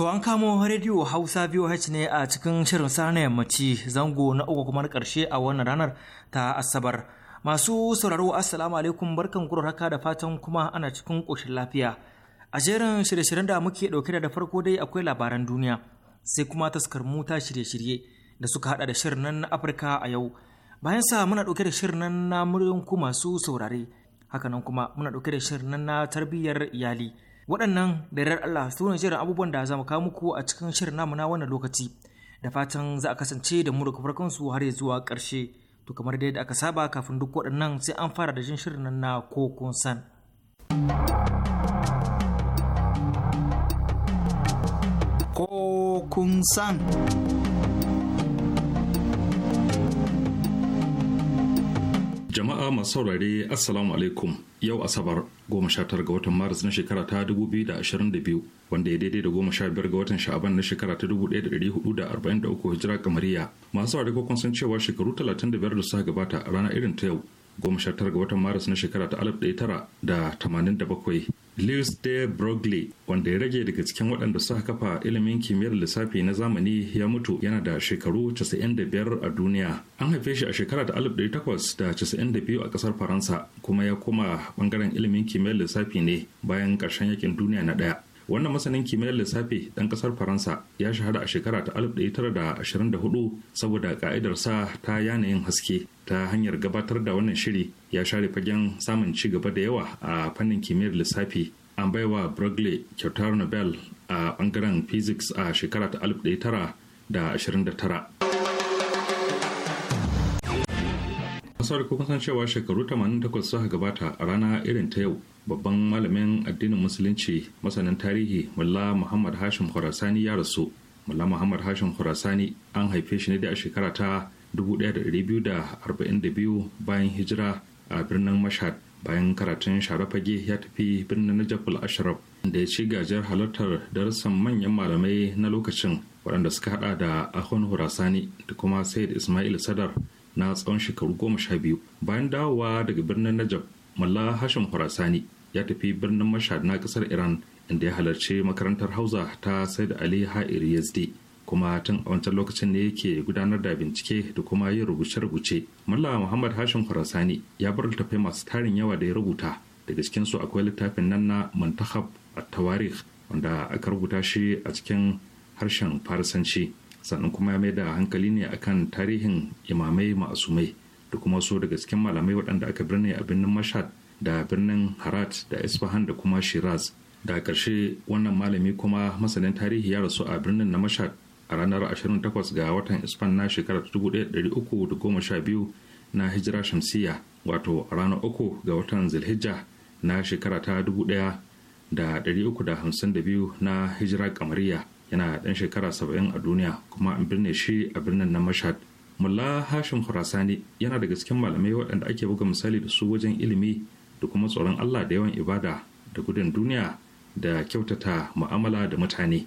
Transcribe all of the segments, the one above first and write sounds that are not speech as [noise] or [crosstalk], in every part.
To an kamo rediyo Hausa VOH ne a cikin shirin ya yammaci zango na uku kuma na ƙarshe a wannan ranar ta Asabar. Masu sauraro Assalamu alaikum barkan kurar haka da fatan kuma ana cikin ƙoshin lafiya. A jerin shirye-shiryen da muke ɗauke da farko dai akwai labaran duniya sai kuma taskar muta shirye-shirye da suka haɗa da shirin nan na Afirka a yau. Bayan sa muna ɗauke da shirin nan na muryan masu saurare. Hakanan kuma muna ɗauke da shirin nan na tarbiyyar iyali. waɗannan da yarar Allah su ne jiran abubuwan da za mu kawo muku a cikin shirin namu na wannan lokaci da fatan za a kasance da mu daga farkon su har zuwa ƙarshe to kamar dai da aka saba kafin duk waɗannan sai an fara da jin shirin nan na ko kun san ko kun san jama'a masu saurare assalamu alaikum yau asabar goma sha tara ga watan maris na shekara ta dubu biyu da ashirin da biyu wanda ya daidai da goma sha biyar ga watan sha'aban na shekara ta dubu ɗaya da ɗari hudu da arba'in da uku hijira kamariya masu rikokon sun cewa shekaru talatin da biyar da suka gabata a rana irin ta yau Goma tara ga watan maris na shekara ta bakwai, lewis de broglie wanda ya rage daga cikin waɗanda suka kafa ilimin kimiyyar lissafi na zamani ya mutu yana da shekaru 95 a duniya an haife shi a shekara ta biyu a ƙasar faransa kuma ya koma ɓangaren ilimin kimiyyar lissafi ne bayan ƙarshen yakin duniya na ɗaya wannan masanin kimiyyar lissafi ɗan ƙasar faransa ya shahara a shekara ta 1924 saboda ka'idarsa ta yanayin haske ta hanyar gabatar da wannan shiri ya share fagen samun ci gaba da yawa a fannin kimiyyar lissafi an baiwa brugley kyautar Nobel a bangaren physics a shekara ta 1929 Masu kuma san cewa shekaru 88 suka gabata a rana irin ta yau babban malamin addinin musulunci masanin tarihi Mullah Muhammad Hashim Khurasani ya rasu. Mullah Muhammad Hashim Khurasani an haife shi ne da a shekara ta 1242 bayan hijira a birnin Mashhad bayan karatun sharafage ya tafi birnin al Ashraf da ya ci gajiyar halartar darussan manyan malamai na lokacin waɗanda suka hada da Ahun Khurasani da kuma Said Ismail Sadar na tsawon shekaru goma sha biyu bayan dawowa daga birnin najab malla hashim khurasani ya tafi birnin mashhad na kasar iran inda ya halarci makarantar hausa ta said ali ha'ir yazdi kuma tun a wancan lokacin ne yake gudanar da bincike da kuma yin rubuce-rubuce malla muhammad hashim khurasani ya bar littattafai masu tarin yawa da ya rubuta daga cikin su akwai littafin nan na muntakhab at-tawarikh wanda aka rubuta shi a cikin harshen farisanci sannan kuma ya mai da hankali ne akan tarihin imamai ma'asumai da kuma so daga cikin malamai waɗanda aka birne a birnin mashad da birnin harat da isfahan da kuma shiraz da ƙarshe wannan malami kuma masanin tarihi ya rasu a birnin na mashad a ranar 28 ga watan isfan na shekarar 1312 na hijira shamsiya wato a ranar 3 ga watan zilhijja na shekara ta 1352 na hijira kamariya yana ɗan shekara saba'in a duniya kuma an birne shi a birnin na mashhad mulla hashim khurasani yana daga cikin malamai waɗanda ake buga misali da su wajen ilimi da kuma tsoron allah da yawan ibada da gudun duniya da kyautata mu'amala da mutane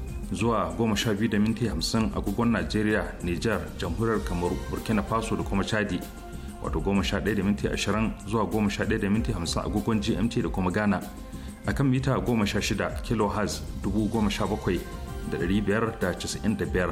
zuwa 12:50 da minti agogon najeriya niger jamhuriyar kamaru burkina faso da kuma chadi wato 11:20 zuwa 11:50 da minti agogon gmt da kuma ghana akan mita 16 kilohertz 17,595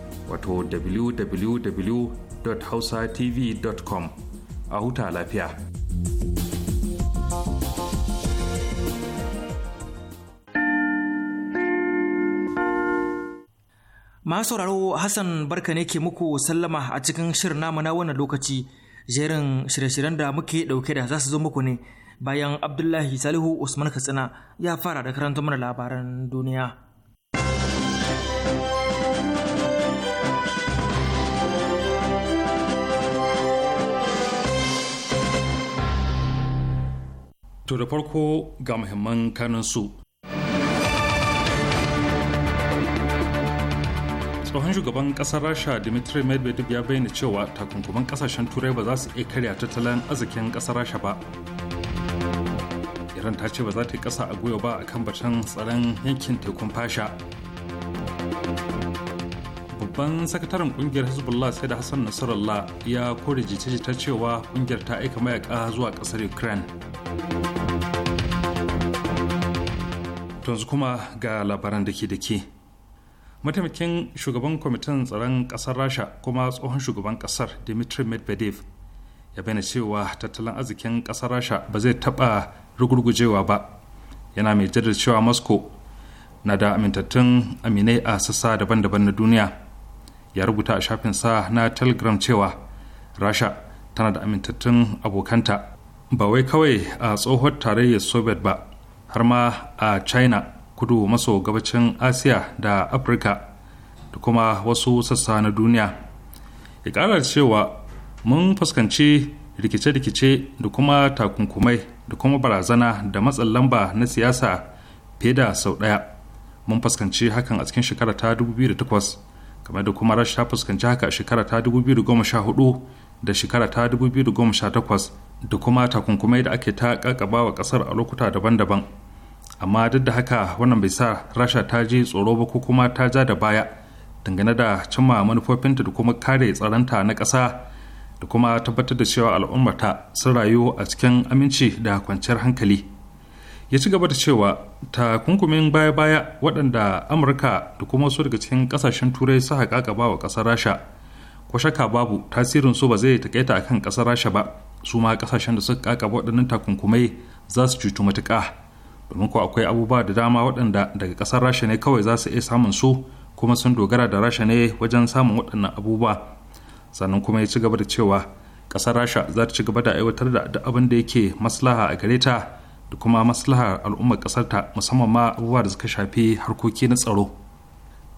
wato www.hausatv.com a huta lafiya. Masu sauraro Hassan barka ne ke muku sallama a cikin shirin namu na wannan lokaci jerin shirye-shiryen da muke dauke da za su zo muku ne bayan Abdullahi Salihu Usman Katsina ya fara da karanta mana labaran duniya. To da farko ga muhimman kanin su. tsohon shugaban kasar rasha dimitri medvedev ya bayyana cewa takunkuman kasashen turai ba za su iya karya tattalin arzikin kasar rasha ba iran ta ce ba za ta yi kasa a gwiwa ba a kan batun tsaron yankin tekun fasha babban sakataren kungiyar hezbollah sai da hassan nasarallah ya kore jita-jita cewa kungiyar ta aika mayaka zuwa kasar ukraine yanzu kuma ga labaran da ke da ke. Mataimakin shugaban kwamitin tsaron ƙasar Rasha kuma tsohon shugaban ƙasar dimitri Medvedev ya bayyana cewa tattalin arzikin ƙasar Rasha ba zai taɓa rugurgujewa ba. Yana mai jaddada cewa Moscow na da amintattun aminai a sassa daban-daban na duniya. Ya rubuta a shafin sa na Telegram cewa Rasha tana da amintattun abokanta ba wai kawai a tsohon tarayyar Soviet ba har ma a china kudu maso gabacin asiya da afirka da kuma wasu sassa na duniya ya cewa mun fuskanci rikice-rikice da kuma takunkumai da kuma barazana da matsin lamba na siyasa fiye da sau ɗaya mun fuskanci hakan a cikin shekara ta 2008 kamar da kuma rasha fuskanci haka a shekara ta 2014 da shekara ta 2018 da kuma takunkumai da ake ta kakaba wa kasar a lokuta daban-daban amma duk da haka wannan bai sa rasha ta ji tsoro ba ko kuma ta ja da baya dangane da cimma manufofinta da kuma kare tsaronta na ƙasa da kuma tabbatar da cewa al'ummata sun rayu a cikin aminci da kwanciyar hankali ya ci gaba da cewa takunkumin baya-baya waɗanda amurka da kuma wasu daga cikin ƙasashen turai suka kakaba wa ƙasar rasha ko shaka babu tasirin su ba zai takaita akan ƙasar rasha ba su ma ƙasashen da suka kakaba waɗannan takunkumai za su cutu matuƙa domin ko akwai abubuwa da dama waɗanda daga ƙasar rasha ne kawai za su iya samun su kuma sun dogara da rasha ne wajen samun waɗannan abubuwa sannan kuma ya ci gaba da cewa ƙasar rasha za ta ci gaba da aiwatar da duk abin da yake maslaha a gare ta da kuma maslahar al'ummar ƙasar ta musamman ma abubuwa da suka shafi harkoki na tsaro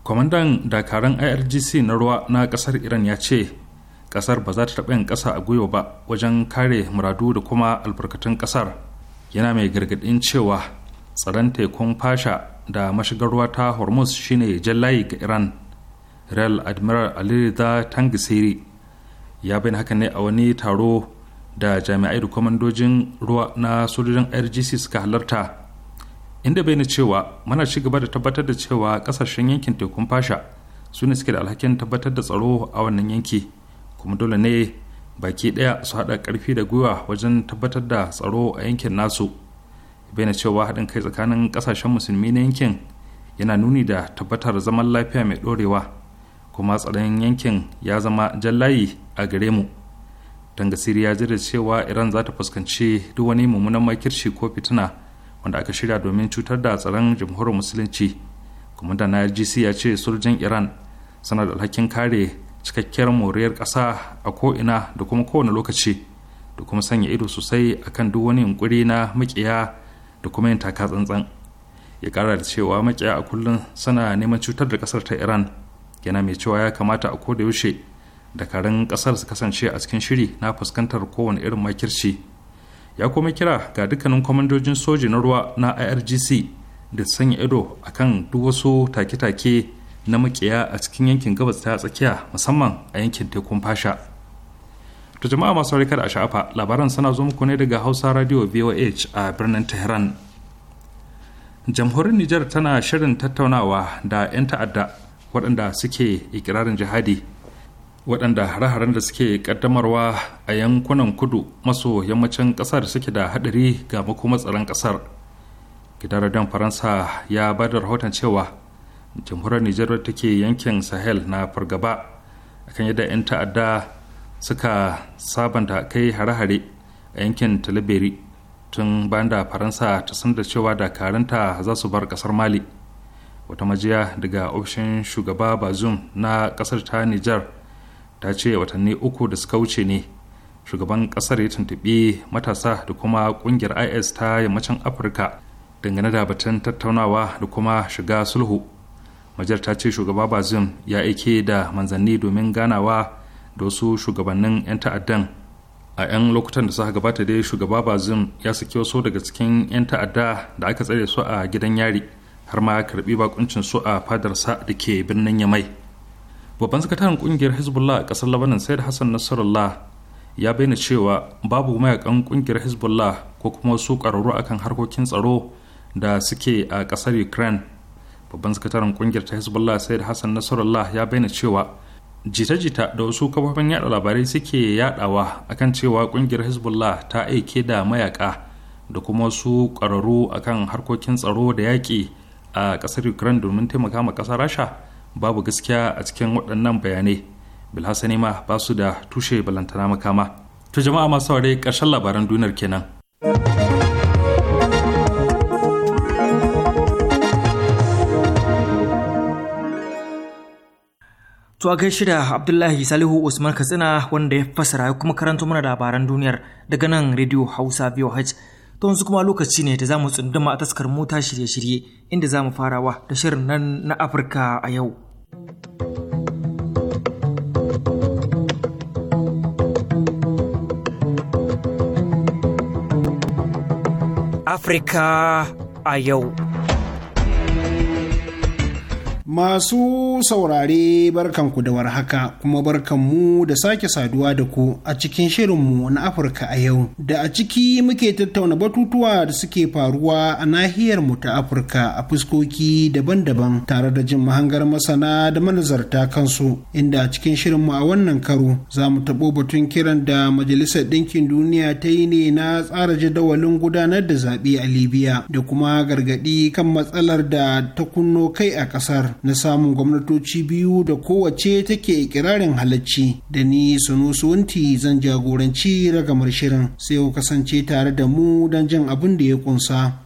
kwamandan dakaran irgc na ruwa na ƙasar iran ya ce ƙasar ba za ta taɓa yin ƙasa a gwiwa ba wajen kare muradu da kuma albarkatun ƙasar yana mai gargaɗin cewa tsaron tekun fasha da mashigar ruwa ta hormuz shine jallayi ga iran real admiral alirida tangisiri ya bayyana haka ne a wani taro da jami'ai da kwamandojin ruwa na sojojin rgc suka halarta inda bayyana cewa muna ci gaba da tabbatar da cewa kasashen yankin tekun fasha su ne suke da alhakin tabbatar da tsaro a wannan yanki kuma dole ne baki daya su haɗa ƙarfi da gwiwa wajen tabbatar da tsaro a yankin nasu bayyana cewa haɗin kai tsakanin ƙasashen musulmi na yankin yana nuni da tabbatar zaman lafiya mai ɗorewa kuma tsaron yankin ya zama layi a gare mu tangasiri ya jira cewa iran za ta fuskanci duk wani mummunan makirci ko fitina wanda aka shirya domin cutar da tsaron jamhuriyar musulunci kuma da gc ya ce sojojin iran suna da alhakin kare cikakkiyar moriyar ƙasa a ko'ina da kuma kowane lokaci da kuma sanya ido sosai akan duk wani yunkuri na makiya da kuma yin taka tsantsan ya kara da cewa makiya a kullum suna neman cutar da kasar ta iran yana mai cewa ya kamata a koda yaushe da karin kasar su kasance a cikin shiri na fuskantar kowane irin makirci ya kuma kira ga dukkanin kwamandojin soji na ruwa na irgc da sanya ido a kan duk wasu take-take na makiya a cikin yankin gabas ta tsakiya musamman a yankin tekun fasha To jama'a masu rikar a sha'afa labaran suna zo muku ne daga Hausa Radio VOH a birnin Tehran. Jamhuriyar Nijar tana shirin tattaunawa da 'yan ta'adda waɗanda suke ikirarin jihadi waɗanda hare da suke ƙaddamarwa a yankunan kudu maso yammacin ƙasar suke da haɗari ga makomar tsaron ƙasar. Gidan Radon Faransa ya ba da rahoton cewa jamhuriyar Nijar take yankin Sahel na fargaba akan yadda 'yan ta'adda suka sabanta kai hare-hare a yankin talibiri tun bayan da faransa ta san da cewa dakaranta za su bar kasar mali wata majiya daga ofishin shugaba bazum na kasar ta nijar ta ce watanni uku da suka wuce ne shugaban kasar ya tuntuɓi matasa da kuma kungiyar is ta yammacin afirka dangane da batun tattaunawa da kuma shiga sulhu majiyar ta ce shugaba bazum ya aike da manzanni domin ganawa da wasu shugabannin 'yan ta'addan a 'yan lokutan da suka gabata dai shugaba bazum ya saki wasu daga cikin 'yan ta'adda da aka tsare su a gidan yari har ma karbi bakuncin su a fadarsa da ke birnin yamai babban sakataren kungiyar hezbollah a kasar labanan sayar hassan nasarallah ya bayyana cewa babu mayakan kungiyar hezbollah ko kuma wasu ƙwararru akan harkokin tsaro da suke a kasar ukraine babban sakataren kungiyar ta hezbollah sayar hassan nasarallah ya bayyana cewa jita-jita da wasu kafafen yada labarai suke yadawa akan cewa kungiyar hezbollah ta aike da mayaka da kuma wasu kwararru akan harkokin tsaro da yaƙi a ƙasar ukraine domin taimaka ma ƙasar rasha babu gaskiya a cikin waɗannan bayanai bilhassani ma ba su da tushe balantana makama to jama'a masu saurare ƙarshen labaran duniyar kenan. To a gaishe da Abdullahi Salihu Usman Katsina wanda ya fassara ya kuma karanto mana labaran duniyar daga nan Radio Hausa VOH. To yanzu kuma lokaci ne da zamu tsunduma a taskar mota shirye-shirye inda zamu farawa da shirin nan na Afirka a yau. Afirka a yau. Masu saurare barkanku da warhaka kuma barkanmu da sake saduwa da ku a cikin shirinmu na Afirka a yau da a ciki muke tattauna batutuwa da suke faruwa a nahiyar mu ta Afirka a fuskoki daban-daban tare da jin mahangar masana da manazarta kansu inda a cikin shirinmu a wannan karo za mu taɓo batun kiran da Majalisar Ɗinkin Duniya ta yi ne na tsara jadawalin gudanar da zaɓe a Libya da kuma gargaɗi kan matsalar da ta kunno kai a ƙasar. na samun gwamnatoci biyu da kowace take ikirarin halacci da ni sunusunti zan jagoranci ragamar shirin sai ku kasance tare da mu don jin abin da ya kunsa.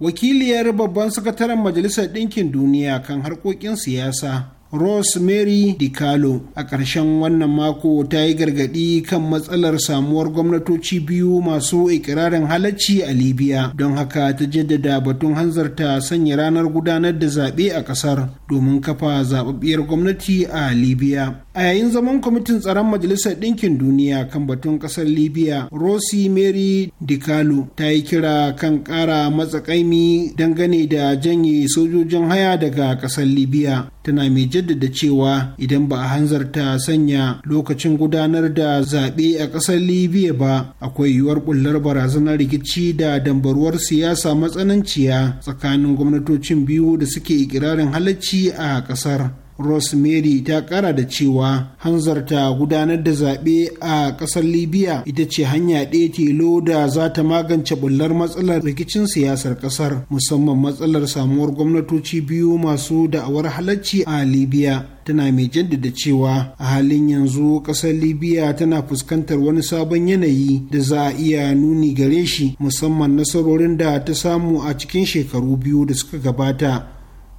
wakiliyar babban sakataren majalisar ɗinkin duniya kan harkokin siyasa rosemary DiCarlo a ƙarshen wannan mako ta yi gargaɗi kan matsalar samuwar gwamnatoci biyu masu ikirarin halacci a libya don haka ta jaddada batun hanzarta sanya ranar gudanar da zaɓe a ƙasar domin kafa zaɓaɓɓiyar gwamnati a libya a yayin zaman kwamitin tsaron majalisar ɗinkin duniya kan batun ƙasar libya rosi mary dicalo ta yi kira kan ƙara matsakaimi dangane da janye sojojin haya daga ƙasar libya tana mai jaddada cewa idan ba a hanzarta sanya lokacin gudanar da zaɓe a ƙasar libya ba akwai yiwuwar bullar barazanar rikici da dambaruwar siyasa matsananciya tsakanin gwamnatocin biyu da suke ikirarin halacci a ƙasar rosemary ta kara da cewa hanzarta gudanar da zaɓe a ƙasar libya ita ce hanya ɗaya tilo da za ta magance bullar matsalar rikicin siyasar ƙasar musamman matsalar samuwar gwamnatoci biyu masu da'awar halacci a libya tana mai jaddada cewa a halin yanzu ƙasar libya tana fuskantar wani sabon yanayi da za a iya nuni gare shi musamman nasarorin da ta samu a cikin shekaru biyu da suka gabata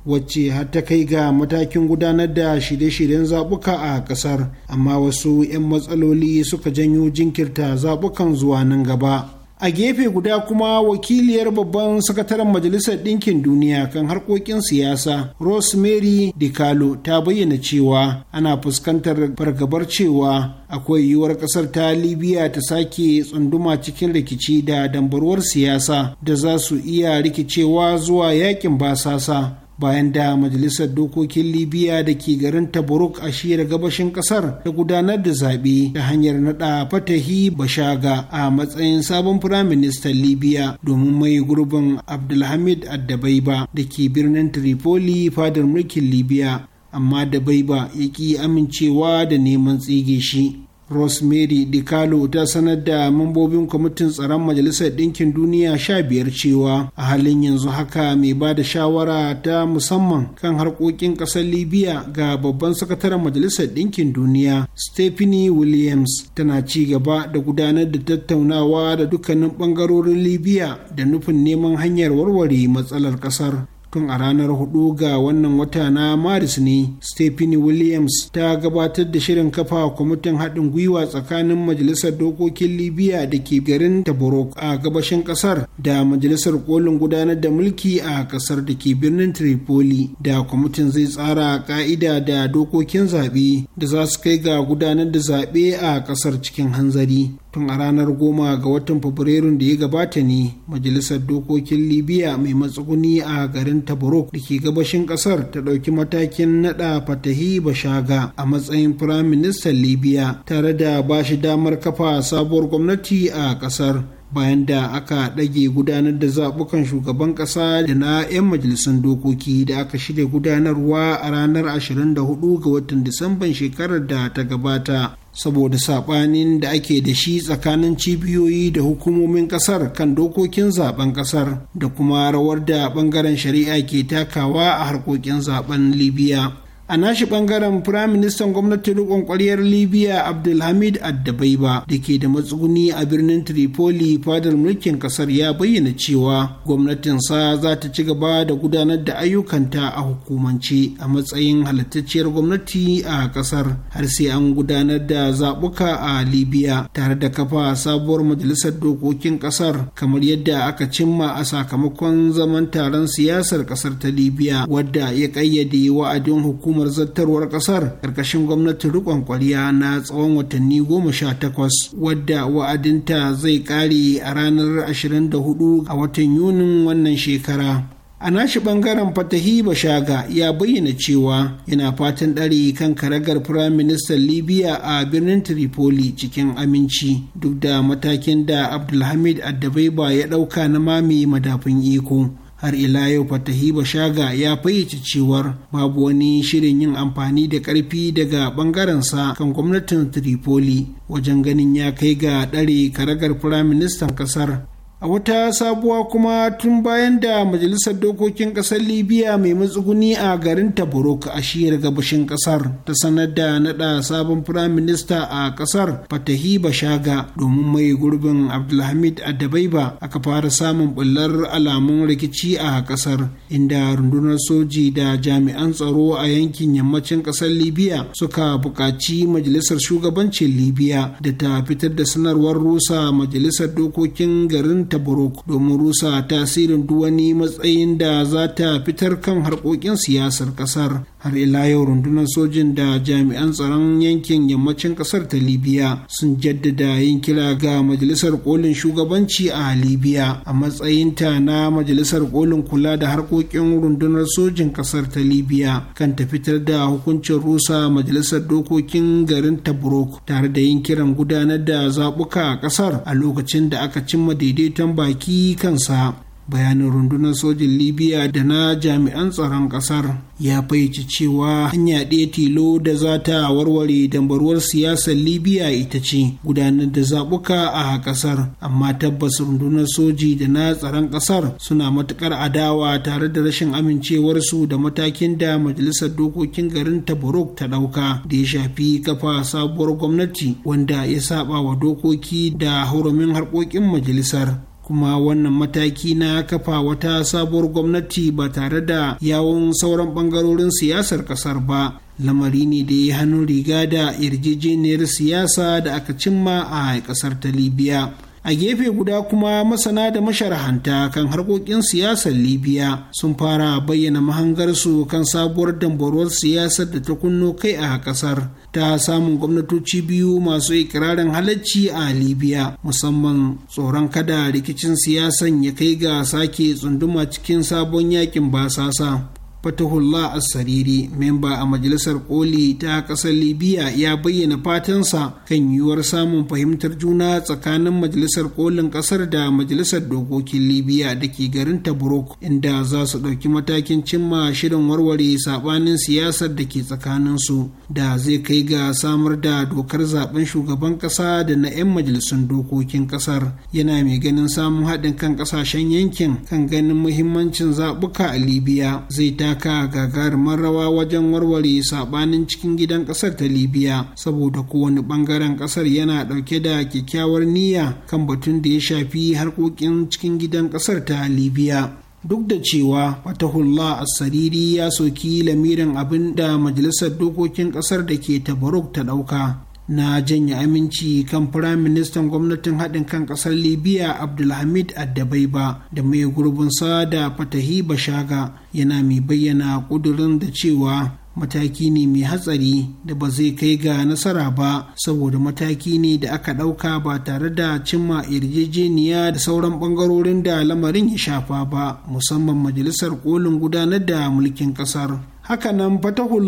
wacce har ta kai ga matakin gudanar da shirye-shiryen zaɓuka a ƙasar amma wasu 'yan matsaloli suka janyo jinkirta zaɓukan zuwa nan gaba a gefe guda kuma wakiliyar babban sakataren majalisar ɗinkin duniya kan harkokin siyasa rosemary dicalo ta bayyana cewa ana fuskantar fargabar cewa akwai yiwuwar kasar ta libya ta sake tsunduma cikin rikici da dambarwar siyasa da za su iya rikicewa zuwa yakin basasa bayan da majalisar dokokin libiya da ke garin tabaruk a shira gabashin kasar ta gudanar da zaɓe ta hanyar naɗa fatahi bashaga a matsayin sabon firaministan libiya domin mai gurbin abdulhamid addabaiba da ke birnin tripoli fadar mulkin libiya amma da baiba ya ƙi amincewa da neman tsige shi rosemary dicalo ta sanar da mambobin kwamitin tsaron majalisar ɗinkin duniya sha biyar cewa a halin yanzu haka mai ba da shawara ta musamman kan harkokin ƙasar libya ga babban sakataren majalisar ɗinkin duniya stephanie williams tana ci gaba da gudanar da tattaunawa da dukkanin ɓangarorin libya da nufin neman hanyar warware matsalar ƙasar tun a ranar hudu ga wannan wata na maris ne stephanie williams ta gabatar da shirin kafa kwamitin haɗin gwiwa tsakanin majalisar dokokin libya da ke garin tabarok a gabashin ƙasar da majalisar kolin gudanar da mulki a ƙasar da ke birnin tripoli da kwamitin zai tsara ka'ida da dokokin zaɓe da za su kai ga gudanar da zaɓe a ƙasar cikin hanzari tun a ranar goma ga watan fabrairu da ya gabata ne majalisar dokokin libya mai matsuguni a garin tabarok da ke gabashin kasar ta ɗauki matakin nada fatahi bashaga a matsayin firaministan libya tare da ba shi damar kafa sabuwar gwamnati a kasar bayan da aka ɗage gudanar da zaɓukan shugaban ƙasa da na 'yan majalisun dokoki da aka shirya gudanarwa a ranar 24 ga watan disamban shekarar da ta gabata saboda saɓanin da ake da shi tsakanin cibiyoyi da hukumomin ƙasar kan dokokin zaben ƙasar da kuma rawar da ɓangaren shari'a ke takawa a harkokin zaben libya a nashi bangaren firaministan gwamnatin rikon kwaryar libya abdulhamid addabaiba da ke da matsuguni a birnin tripoli fadar mulkin kasar ya bayyana cewa gwamnatinsa za ta ci gaba da gudanar da ayyukanta a hukumance a matsayin halittacciyar gwamnati a kasar har sai an gudanar da zabuka a libya tare da kafa sabuwar majalisar dokokin kasar kamar yadda aka cimma a sakamakon zaman taron siyasar kasar ta libya wadda ya ƙayyade wa'adin hukumar hukumar zartarwar kasar karkashin gwamnatin rikon kwaliya na tsawon watanni goma sha takwas wadda wa'adinta zai ƙare a ranar 24 a watan yunin wannan shekara a nashi ɓangaren fatahi shaga ya bayyana cewa yana fatan ɗari kan karagar firaministan libya a birnin tripoli cikin aminci duk da matakin da abdulhamid addabaiba ya ɗauka na mami madafin iko har ila yau fatahi bashaga ya fayyace cewar babu wani shirin yin amfani da ƙarfi daga ɓangarensa kan gwamnatin tripoli wajen ganin ya kai ga ɗare karagar firaministan ƙasar a wata sabuwa kuma tun bayan da majalisar dokokin ƙasar libya mai matsuguni a garin tabarok a shiyar gabashin ƙasar ta sanar da nada sabon firaminista a ƙasar fatahi bashaga domin mai gurbin abdulhamid adabaiba aka fara samun bullar alamun rikici a ƙasar inda rundunar soji da jami'an tsaro a yankin yammacin ƙasar libya suka buƙaci majalisar shugabancin libya da ta fitar da sanarwar rusa majalisar dokokin garin tabaruk domin rusa tasirin duwani matsayin da za ta fitar kan harkokin siyasar kasar har ila yau rundunar sojin da jami'an tsaron yankin yammacin kasar ta libya sun jaddada yin kira ga majalisar kolin shugabanci a libya a matsayinta na majalisar kolin kula da harkokin rundunar sojin kasar ta libya kan ta fitar da hukuncin rusa majalisar dokokin garin tabrok tare da yin kiran gudanar da zabuka a kasar a lokacin da aka cimma daidaiton sakan baki kansa bayanin rundunar sojin libya da na jami'an tsaron kasar ya faici cewa hanya ɗaya tilo da za ta warware dambarwar siyasar libya ita ce gudanar da zaɓuka a ƙasar amma tabbas rundunar soji da na tsaron ƙasar suna matuƙar adawa tare da rashin amincewarsu da matakin da majalisar dokokin garin tabarok ta ɗauka da ya shafi kafa sabuwar gwamnati wanda ya saba wa dokoki da haurumin harkokin majalisar kuma wannan mataki na kafa wata sabuwar gwamnati ba tare da yawon sauran bangarorin siyasar kasar ba lamari ne da ya hannun riga da yarjejeniyar siyasa da aka cimma a kasar ta libya a gefe guda kuma masana da masharahanta kan harkokin siyasar libya sun fara bayyana mahangarsu kan sabuwar dambarwar siyasar da ta kunno kai a kasar ta samun gwamnatoci biyu masu ikirarin halacci a libya musamman tsoron kada rikicin siyasan ya kai ga sake tsunduma cikin sabon yakin basasa fatahullah asariri memba a majalisar koli ta kasar libya ya bayyana fatansa kan yiwuwar samun fahimtar juna tsakanin majalisar kolin kasar da majalisar dokokin libya da ke garin tabrok inda za su ɗauki matakin cimma shirin warware sabanin siyasar da ke tsakaninsu da zai kai ga samar da dokar zaben shugaban kasa da na 'yan majalisun dokokin kasar yana mai ganin samun haɗin kan ƙasashen yankin kan ganin muhimmancin zaɓuka a libya zai ta iyaka gagarumar rawa wajen warware sabanin cikin gidan kasar ta libya saboda kowane bangaren kasar yana dauke da kyakkyawar niyya kan batun da ya shafi harkokin cikin gidan kasar ta libya duk da cewa fatahullah asariri ya soki lamirin abin da majalisar dokokin kasar da ke tabaruk ta dauka na janye aminci kan firayim ministan gwamnatin haɗin kan ƙasar libya abdulhamid addabai ba da mai sa da fatahi bashaga yana mai bayyana ƙudurin da cewa mataki ne mai hatsari da ba zai kai ga nasara ba saboda mataki ne da aka ɗauka ba tare da cimma yarjejeniya da sauran ɓangarorin da lamarin ya shafa ba musamman majalisar kolin gudanar da mulkin ƙasar hakanan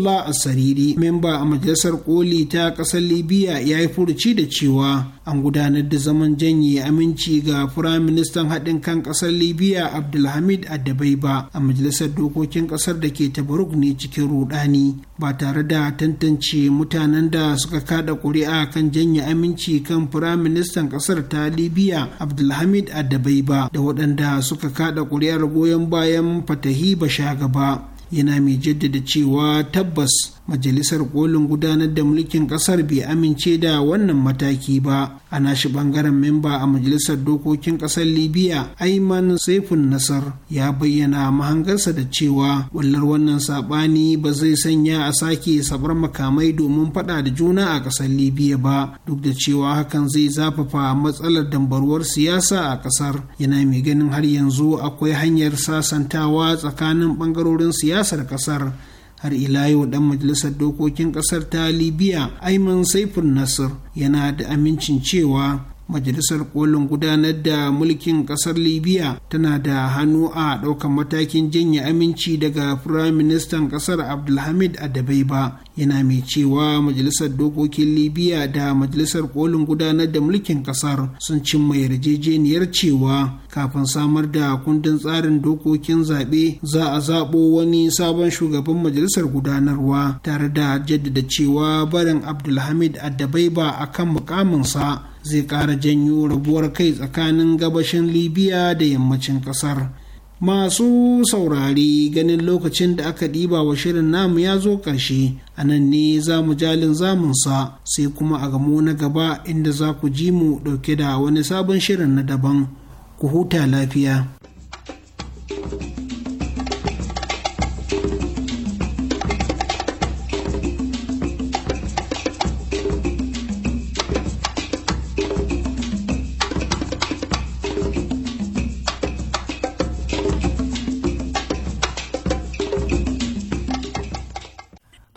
a sariri memba a majalisar koli ta kasar libya ya yi furuci da cewa an gudanar da zaman janye aminci ga firayim ministan haɗin kan kasar libya abdulhamid adabaiba a majalisar dokokin kasar da ke tabaruk ne cikin rudani ba tare da tantance mutanen da suka kada kuri'a kan janye aminci kan firayim ministan kasar ta libya abdulhamid adabaiba da waɗanda suka kada kuri'ar goyon bayan fatahi bashagaba yana mai jaddada cewa tabbas majalisar kolin gudanar da mulkin kasar bai amince da wannan mataki ba a nashi bangaren memba a majalisar dokokin kasar libya aiman saifun nasar ya bayyana mahangarsa da cewa wallar wannan sabani ba zai sanya a sake sabar makamai domin fada da juna a kasar libya ba duk da cewa hakan zai zafafa matsalar dambaruwar siyasa a kasar yana mai ganin har yanzu akwai hanyar sasantawa tsakanin bangarorin siyasar kasar har ila yau dan majalisar dokokin kasar ta libya aiman saifun nasir yana da amincin cewa majalisar kolin gudanar da mulkin kasar libya tana da hannu a ɗaukan matakin janye aminci daga firayim ministan kasar abdulhamid adabai ba yana mai cewa majalisar dokokin libya da majalisar kolin gudanar da mulkin kasar sun cimma yarjejeniyar cewa kafin samar da kundin tsarin dokokin zaɓe za a zaɓo wani sabon shugaban majalisar gudanarwa tare da jaddada cewa barin abdulhamid adabai ba kan mukaminsa zai ƙara janyo rabuwar kai tsakanin gabashin libya da yammacin ƙasar masu saurari ganin lokacin da aka ɗiba wa shirin namu ya zo ƙarshe a nan ne za mu jalin zamunsa sai kuma a gamo na gaba inda za ku ji mu ɗauke da wani sabon shirin na daban ku huta lafiya.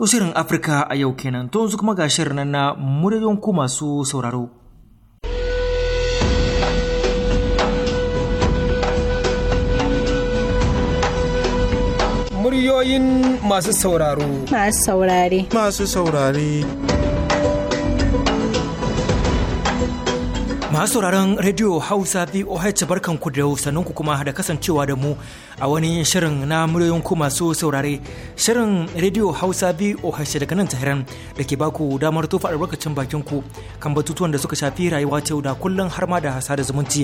To shirin Afirka a yau kenan to yanzu kuma ga shirin nan na muryoyin ku masu sauraro. Muryoyin masu sauraro. Masu saurare. Masu saurare. Masu sauraron Radio Hausa VOH barkanku da ku kuma da kasancewa da mu a wani shirin na muryoyin ku masu saurare. Shirin Radio Hausa VOH daga nan Tahiran da ke baku damar tofa albarkacin bakin ku kan batutuwan da suka shafi rayuwa ta da kullum har ma da hasa da zumunci.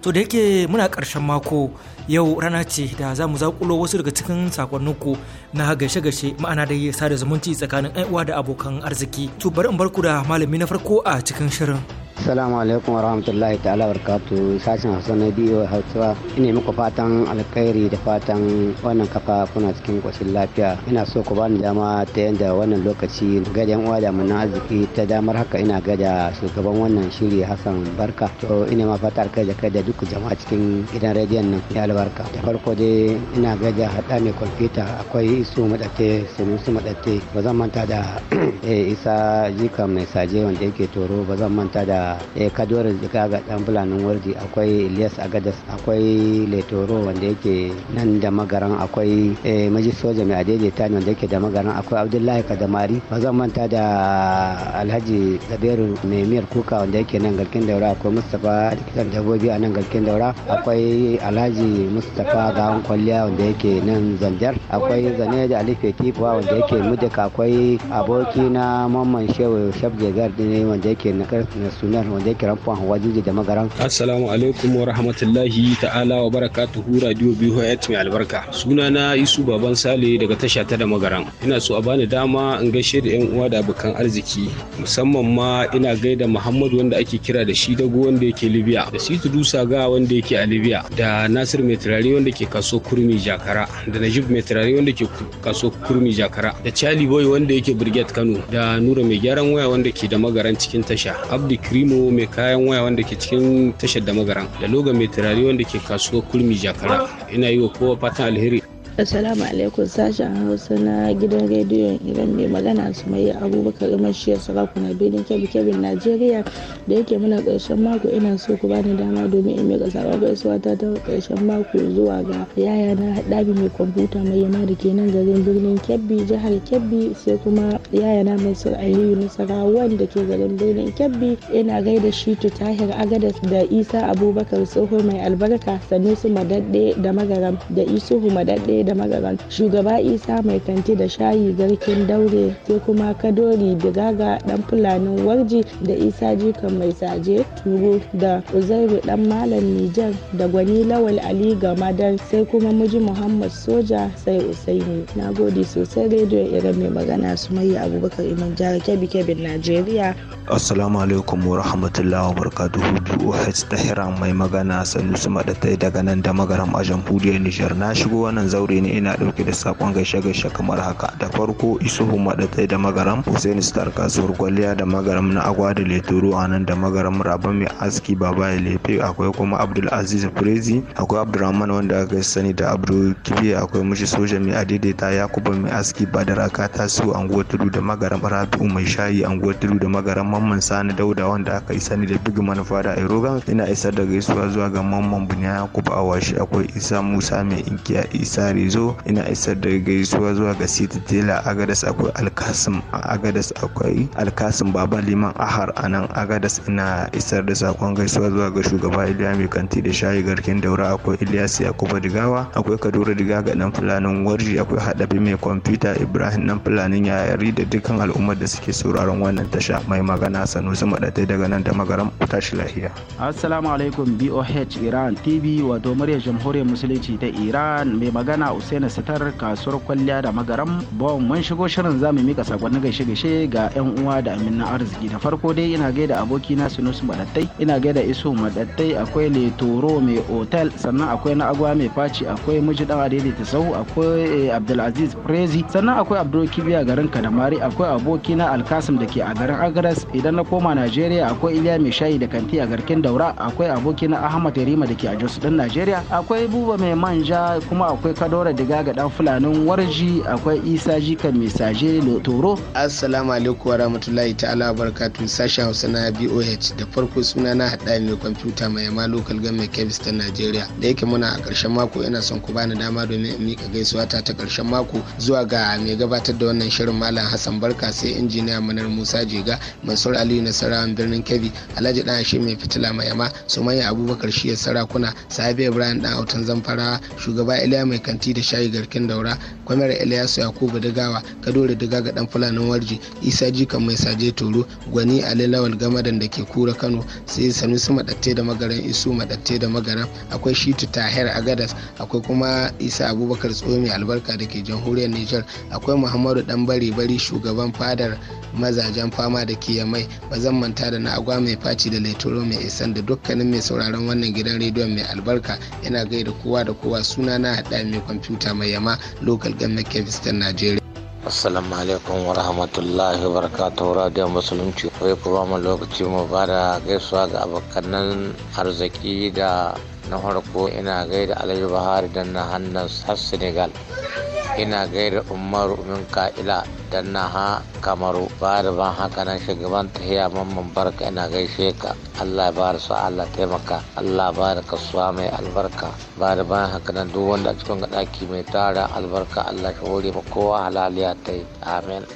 to da yake muna ƙarshen mako yau rana ce da za mu zaƙulo wasu daga cikin sakonninku na gaishe-gaishe ma'ana da yi sada zumunci tsakanin uwa da abokan arziki to bari in barku da malami na farko a cikin shirin Assalamu alaikum wa rahmatullahi ta'ala barkatu sashen Hausa na biyu Hausa ina muku fatan alkhairi da fatan wannan kafa kuna cikin koshin lafiya ina so ku bani dama ta yadda wannan lokaci gada yan uwa da mun arziki ta damar haka ina gada shugaban wannan shiri Hassan Barka to ina ma fata alkhairi da kai da duk jama'a cikin gidan rediyon nan ya albarka da farko dai ina gaja hada mai kwamfuta akwai isu maɗate sinusu maɗate ba zan manta da [clears throat] eh, isa jika mai saje wanda yake toro ba zan manta da eh, kaduwar jika ga dan fulanin wardi akwai ilyas agadas akwai letoro wanda yake nan da magaran akwai eh, maji soja mai adaidaita ne wanda yake da magaran akwai abdullahi kadamari ba zan manta da alhaji zabiru mai miyar kuka wanda yake nan garkin daura akwai mustapha likitan dabbobi a nan garkin daura akwai alhaji mustapha gawan kwalliya wanda yake nan zanjar akwai zane da alife tifuwa wanda yake mujika akwai aboki na mamman shehu shabje gardi ne wanda yake na sunar wanda yake ramfon wajiji da magaran assalamu alaikum wa rahmatullahi ta'ala wa baraka barakatuhu radio biyu mai albarka suna na isu baban sale daga tasha ta da magaran ina so a bani dama in gaishe da yan uwa da abokan arziki musamman ma ina gaida muhammadu wanda ake kira da shi dago wanda yake libya da situ dusa ga wanda yake a libya da nasir mai turare wanda ke kaso kurmi jakara da najib mai turare wanda ke kaso kurmi jakara da charlie boy wanda yake brigade kano da nura mai gyaran waya wanda ke da magaran cikin tasha abdi krimo mai kayan waya wanda ke cikin tashar da magaran da loga mai turare wanda ke kasuwar kurmi jakara ina yi wa kowa fatan alheri Assalamu alaikum sashen Hausa na gidan rediyon Iran mai magana su mai Abubakar Mashiya Sarakuna birnin Kebbi Kebbi Najeriya da yake muna karshen mako ina so ku bani dama domin in miƙa sabon gaisuwa ta ta karshen mako zuwa ga yaya na ɗabi mai kwamfuta mai yama da ke nan garin birnin Kebbi jihar Kebbi sai kuma yaya na mai sir Aliyu Nasarawan wanda ke garin birnin Kebbi ina gaida shi Tahir Agadas da Isa Abubakar Tsoho mai albarka sanusu Madadde da Magaram da Isuhu Madadde da magagal shugaba isa mai kanti da shayi garkin daure sai kuma kadori digaga dan fulanin warji da isa jikan mai saje turu da uzairu dan malam nijar da gwani lawal ali gamadan sai kuma muji muhammad soja sai usaini na gode sosai rediyo irin mai magana su mai abubakar iman jihar kebi kebin najeriya assalamu alaikum wa rahmatullahi wa barakatuhu bi'u mai magana sanusi madatai daga nan da magaram a jamhuriyar nijar na shigo wannan zaure saurare ni ina ɗauke da sakon gaishe gaishe kamar haka da farko isuhu madatai da magaram hussein star kasuwar kwalliya da magaram na agwa da leturu a nan da magaram rabon mai aski baba ya lefe akwai kuma abdul aziz akwai abdulrahman wanda aka sani da abdul kibiya akwai mushi soja mai adaidaita yakubu mai aski badar aka tasu anguwar tudu da magaram rabi'u mai shayi anguwar tudu da magaram mamman sani dauda wanda aka yi sani da big manufa da airogan ina isar da gaisuwa zuwa ga mamman bunya yakubu awashi akwai isa musa mai inkiya isa zo ina isar da gaisuwa zuwa ga siti tela agadas akwai alkasim a agadas akwai alkasim baba liman ahar a nan agadas ina isar da sakon gaisuwa zuwa ga shugaba iliya mai kanti da shayi garkin daura akwai ilyas yakuba digawa akwai kadura ga nan fulanin warji akwai hadabi mai kwamfuta ibrahim dan fulanin yayari da dukkan al'ummar da suke sauraron wannan tasha mai magana sanusi maɗatai daga nan da magaram tashi lahiya assalamu alaikum boh iran tv wato muryar jamhuriyar musulunci ta iran mai magana na Sitar kasuwar kwalliya da magaram bon mun shigo shirin zamu mika sakonnin gaishe gaishe ga yan uwa da aminan arziki da farko dai ina gaida aboki na Sunusu Madattai ina gaida Isu Madattai akwai Letoro mai hotel sannan akwai na agwa mai faci akwai miji dan adede ta sau akwai eh, Abdulaziz Prezi sannan akwai Abdul Kibiya garin Kadamari akwai aboki na Alkasim da ke a garin agras idan na koma Najeriya akwai Iliya mai shayi da kanti a garkin Daura akwai aboki na Ahmad Yarima da ke a Jos din Najeriya akwai Buba mai manja kuma akwai Kado Kadora Diga ga dan Fulanin Warji akwai Isa Jikan mai saje Toro. Assalamu alaikum warahmatullahi ta'ala barakatu sashen Hausa na BOH da farko suna na hada mai kwamfuta mai yama local government kebis ta Najeriya da yake muna a ƙarshen mako ina son ku bani dama domin in mika gaisuwa ta ta ƙarshen mako zuwa ga mai gabatar da wannan shirin Malam Hassan Barka sai injiniya Manar Musa Jega Mansur Aliyu Nasarawan birnin Kebbi Alhaji Dan ashe mai fitila mai yama Sumayya Abubakar Shiyar Sarakuna Sahabi Ibrahim Dan Autan Zamfara shugaba Iliya mai kanti kanti da shayi garkin daura kwamar Eliyasu yakubu digawa kadore diga ga dan fulanin warji isa jikan mai saje toro gwani ali lawal gamadan da ke kura kano sai sanusi madatte da magaran isu madatte da magaran akwai shitu tahir agadas akwai kuma isa abubakar tsomi albarka da ke jamhuriyar niger akwai muhammadu dan bari bari shugaban fadar mazajen fama da ke mai ba zan manta da na agwa mai faci da laitoro mai isan da dukkanin mai sauraron wannan gidan rediyon mai albarka yana gaida kowa da kowa suna na haɗa mai kwamfuta mai yama local government kevistan nigeria assalamu alaikum wa rahmatullahi wa barakatuhu radio musulunci kai ku ba mu lokaci mu ba da gaisuwa ga abokanan arziki da na farko ina gaida alhaji bahari dan na hannun har senegal ina gaida umaru min ka'ila don na ha kamaru ba da ban haka nan shugaban tahiya mamman barka ina gaishe ka allah ba da Allah taimaka allah ba da kasuwa mai albarka ba da ban haka nan duk wanda a cikin ɗaki mai tara albarka allah shi hore ma kowa halaliya ta yi amin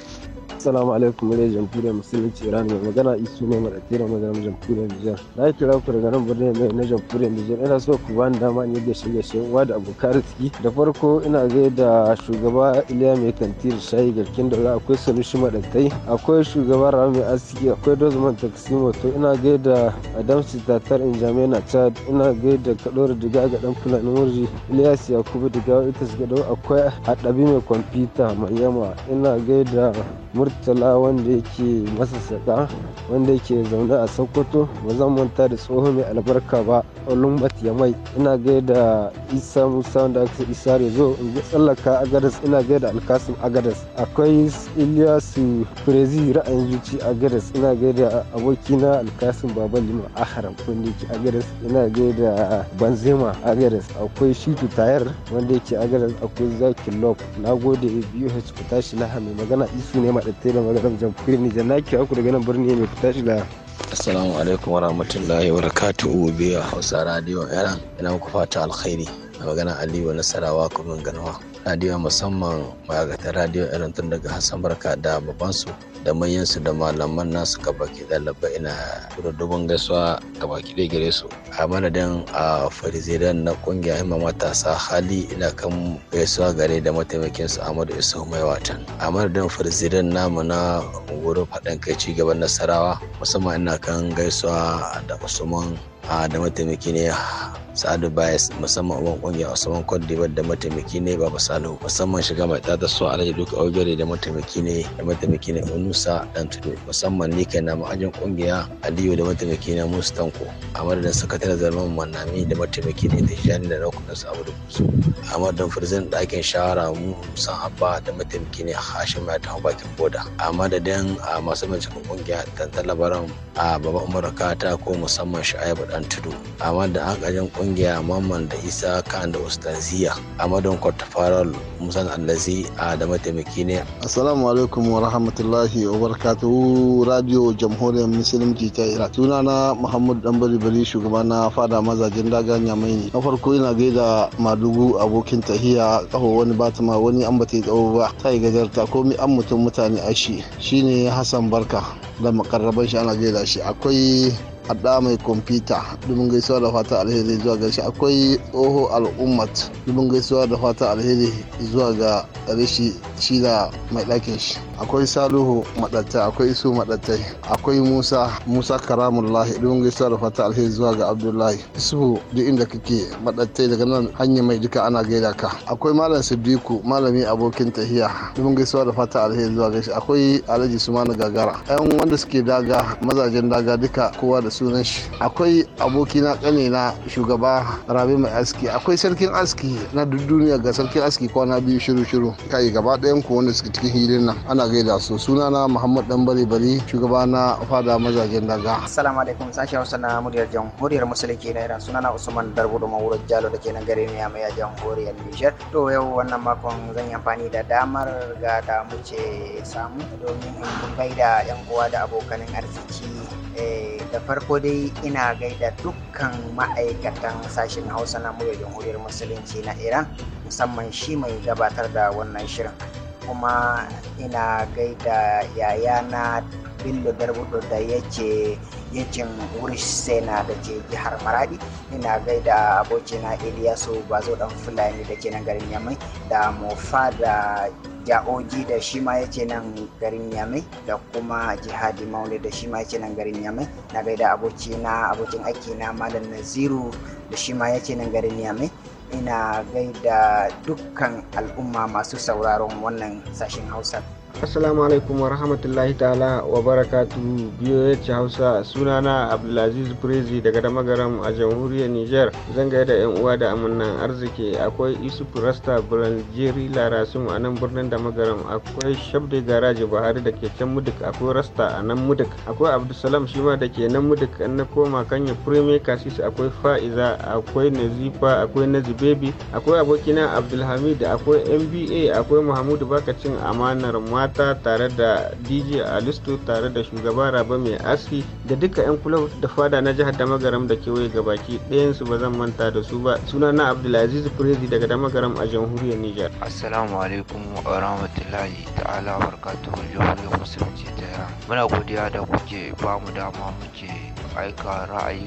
Assalamu alaikum muryar jamhuriyar musulunci Iran mai magana isu ne maɗaɗe da magana jamhuriyar Nijar. Na yi kira ku daga nan birnin mai na jamhuriyar Nijar ina so ku bani dama ne da shirya shirwa da abokan arziki. Da farko ina da shugaba Iliya mai kantir shayi garkin da akwai sanushi maɗaɗai akwai shugaba Rami Asiki akwai Dozman taxi to ina gaida Adamsi Tatar Injamena Chad ina gaida Kadori Diga ga ɗan Fulani Murji Ilyas Yakubu Diga ce Gado akwai Haɗabi mai kwamfuta mai yama ina gaida da. murtala wanda yake masassaƙa wanda yake zaune a sokoto ba zan manta da tsoho mai albarka ba olumbat mai ina gaida isa musa wanda aka isa rezo in tsallaka agadas ina gaida alkasim agadas akwai iliyasu firezi ra'ayin zuci agadas ina gaida abokina alkasim baba lima haram wanda yake agadas ina gaida banzema agadas akwai shitu tayar wanda yake agadas akwai zakin lob na gode biyu h ku tashi laha mai magana isu ne maɗa tela da jamfuri ne na ke ku daga nan birni mai fita shi da assalamu alaikum wa wa wabarakatuhu biyu hausa radio iran ina muku fata alkhairi a magana aliyu nasarawa kuma ganawa radio musamman ma'aikatan radio irin tun daga Hassan Barka da babansu da manyansu da malaman nasu baki. ɗalaba ina dubban gaisuwa baki ɗaya gare su. A madadin a farizidan na ƙungiyar himma matasa hali ina kan gaisuwa gare da mataimakin su Ahmadu isa mai watan. A madadin farizidan namu na wurin faɗin kai ci gaban nasarawa musamman ina kan gaisuwa da Usman a da mataimaki ne sa'adu bayas musamman uban kungiyar usman kwadibar da mataimaki ne baba salihu musamman shiga mai tata su alhaji duka augare da mataimaki ne da mataimaki ne onusa dan tudu musamman ni kai na ma'ajin kungiya aliyu da mataimaki ne musu tanko a madadin sakataren zaman manami da mataimaki ne da shani da rauku su sabu da kusu a madadin firzin ɗakin shawara mu musan abba da mataimaki ne hashim ya tafi bakin boda a madadin a masu binciken kungiya tantan labaran a baba umar kata ko musamman sha'ibu dan tudu ahmad da akajen kungiya mamman da isa kan da ustaziya amadon kwartafaral musan allazi a da mataimaki ne assalamu alaikum wa rahmatullahi wa barakatuhu radio jamhuriyar musulunci ta iraq na muhammad dan bari shugaba na fada mazajen daga nyamai ne na farko ina gaida madugu abokin tahiya kaho wani batuma wani an bata yi tsawo ba ta yi gajarta komi an mutum mutane a shi shine hassan barka da makarraban shi ana gaida shi akwai adda mai kwamfuta dubin gaisuwa da fata alheri zuwa ga shi akwai tsoho al'ummat dubin gaisuwa da fata alheri zuwa ga rishi shida mai ɗakin shi akwai saluhu maɗatta akwai su maɗattai akwai musa musa karamullahi dubin gaisuwa da fata alheri zuwa ga abdullahi isuhu duk inda kake maɗattai daga nan hanya mai duka ana gaida ka akwai malam sidiku malami abokin tahiya dubin gaisuwa da fata alheri zuwa ga shi akwai alhaji sumana gagara yan wanda suke daga mazajen daga duka kowa da sunan shi akwai abokina na shugaba rabi mai aski akwai sarkin aski na duniya ga sarkin aski kwana biyu shiru shiru kai gaba ɗayan ku wanda suke cikin hilin nan ana gaida su sunana muhammad dan bari bari shugaba na fada mazajen daga assalamu alaikum sashi hausa na muryar jamhuriyar musulunci naira suna sunana usman darbudu mawurar jalo da ke nan gare ni a mai jamhuriyar nijar to yau wannan makon zan yi amfani da damar ga da muke samu domin in gaida yan uwa da abokanin arziki Eh, da farko dai ina gaida dukkan ma'aikatan sashen hausa na muryar jamhuriyar musulunci na iran musamman shi mai gabatar da wannan shirin kuma ina gaida yayana bello garba da yake yakin wurish sena da ke jihar maradi ina gaida abokina iliyasu bazo dan fulani da ke nan garin yamai da mofa da ja'oji da shi ma yake nan garin yamai da kuma jihadi maulid da shi ma yake nan garin yamai na gaida abokina abokin aiki na malam naziru da shi ma yake nan garin yamai ina gaida dukkan al'umma masu sauraron wannan sashen hausa assalamu alaikum wa rahmatullahi ta'ala wa barakatu biyo ya ci hausa sunana abdulaziz Brezi daga damagaram a jamhuriyar nijar zan da yan uwa da amannan arziki akwai isu rasta bulanjeri larasimu a nan birnin damagaram akwai shabda garaji buhari da ke can muduk akwai rasta a nan muduk akwai abdulsalam shi ma da ke nan muduk an na koma kanya premier kasisi akwai fa'iza akwai nazifa akwai nazibebi akwai abokina abdulhamid akwai mba akwai muhammadu bakacin amanar ma mata tare da dj alisto tare da shugaba raba mai aski da duka 'yan kulob da fada na jihar damagaram da kewaye baki ɗayansu ba zan manta da su ba suna na abdulaziz prezi daga damagaram a jamhuriyar niger assalamu alaikum wa rahmatullahi ta'ala barkatuhu jamhuriyar musulunci ta muna godiya da kuke ba mu dama muke aika ra'ayi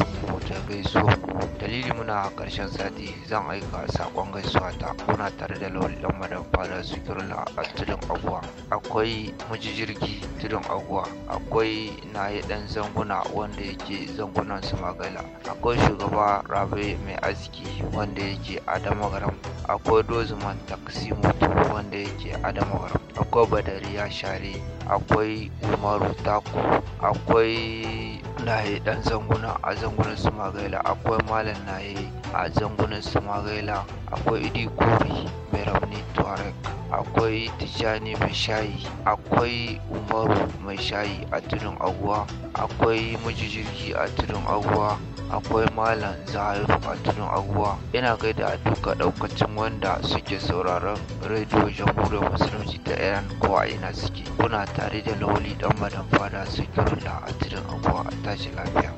da gaisuwa dalili muna ƙarshen sati zan aika saƙon gaisuwa ta kuna tare da lawal dan madan fada sikirla a tudun aguwa akwai miji jirgi tudun aguwa akwai naye dan zanguna wanda yake zangunan su magala akwai shugaba rabe mai aski wanda yake Adamu adamagaram akwai dozuman taksi moto wanda yake Adamu adamagaram akwai badari share akwai umaru taku akwai naye ɗan zanguna a zangunan su magaila akwai malam naye a zangunan su magaila akwai idi kori mai rauni tuareg akwai tijjani mai shayi akwai umaru mai shayi a tudun aguwa akwai mijijirgi a tudun aguwa akwai Malam zahir Atinu Aguwa. Ina gaida duka daukacin wanda suke sauraron rediyo Jamhuriyar Musulunci ta Iran ko a ina suke. Kuna tare da Lawali dan Madan Fada a Atinu Aguwa a tashi lafiya.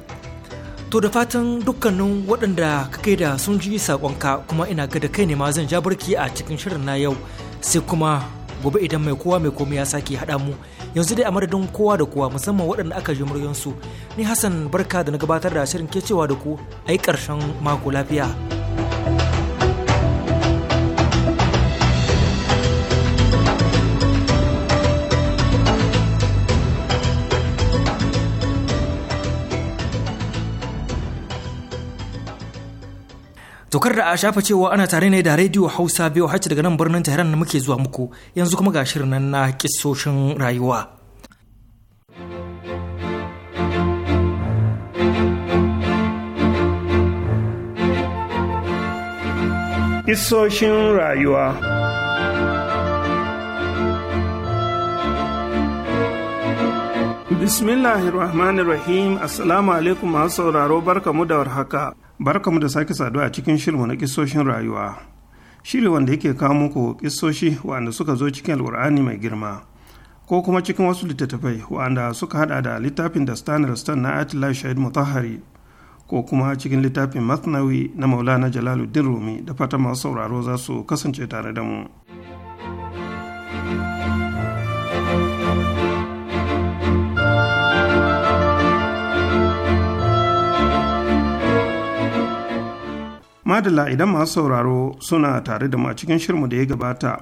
To da fatan dukkanin waɗanda ka da sun ji saƙonka kuma ina ga da kai ne ma zan ja barki a cikin shirin na yau sai kuma gobe idan mai kowa mai komai ya sake haɗa mu yanzu dai a madadin kowa da kowa musamman waɗanda aka ji muryansu ni hassan barka da na gabatar da shirin ke cewa da ku a yi ƙarshen mako lafiya Tokar da a shafa cewa ana tare ne da rediyo Hausa biyu hacci daga nan birnin Tehran muke zuwa muku yanzu kuma ga shirin nan na kisoshin rayuwa. Kisoshin rayuwa Bismillahirrahmanirrahim Assalamu alaikum masu sauraro barkamu da warhaka. Barka mu da sake saduwa a cikin shirinmu na kisoshin rayuwa shiri wanda yake kawo muku kisoshi waɗanda suka zo cikin alkur'ani mai girma ko kuma cikin wasu littattafai waɗanda suka hada da littafin da stanar stan na atila shahid mutahari ko kuma cikin littafin masnawi na maulana jalaluddin rumi da fata masu sauraro za su kasance tare da mu. madala idan masu sauraro suna tare da mu a cikin shirmu da ya gabata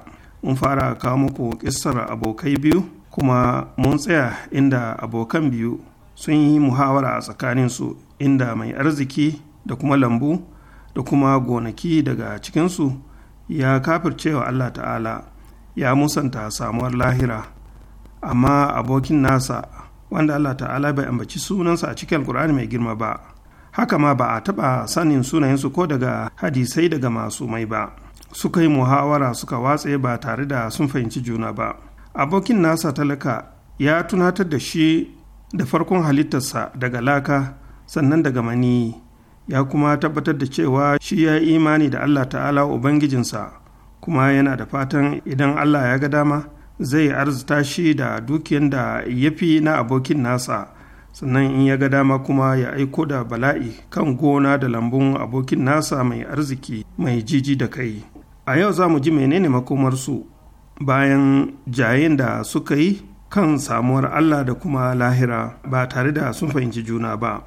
mun fara kawo muku kissar abokai biyu kuma mun tsaya inda abokan biyu sun yi muhawara a tsakaninsu inda mai arziki da kuma lambu da kuma gonaki daga cikinsu ya kafircewa Allah ta'ala ya musanta samuwar lahira amma abokin nasa wanda Allah ta'ala bai ambaci sunansa a cikin alkur'ani mai girma ba haka ma ba a taɓa sanin sunayensu ko daga hadisai daga masu mai ba suka yi muhawara suka watse ba tare da sun fahimci juna ba abokin nasa talaka ya tunatar da shi da farkon halittarsa daga laka sannan daga mani ya kuma tabbatar da cewa shi ya yi imani da allah ta'ala ubangijinsa kuma yana da fatan idan allah ya ga dama zai arzuta shi da dukiyan da ya fi na abokin nasa sannan in ya ga dama kuma ya aiko da bala'i kan gona da lambun abokin nasa mai arziki mai jiji da kai a yau za mu ji menene makomarsu bayan jayen da suka yi kan samuwar allah da kuma lahira ba tare da sun fahimci juna ba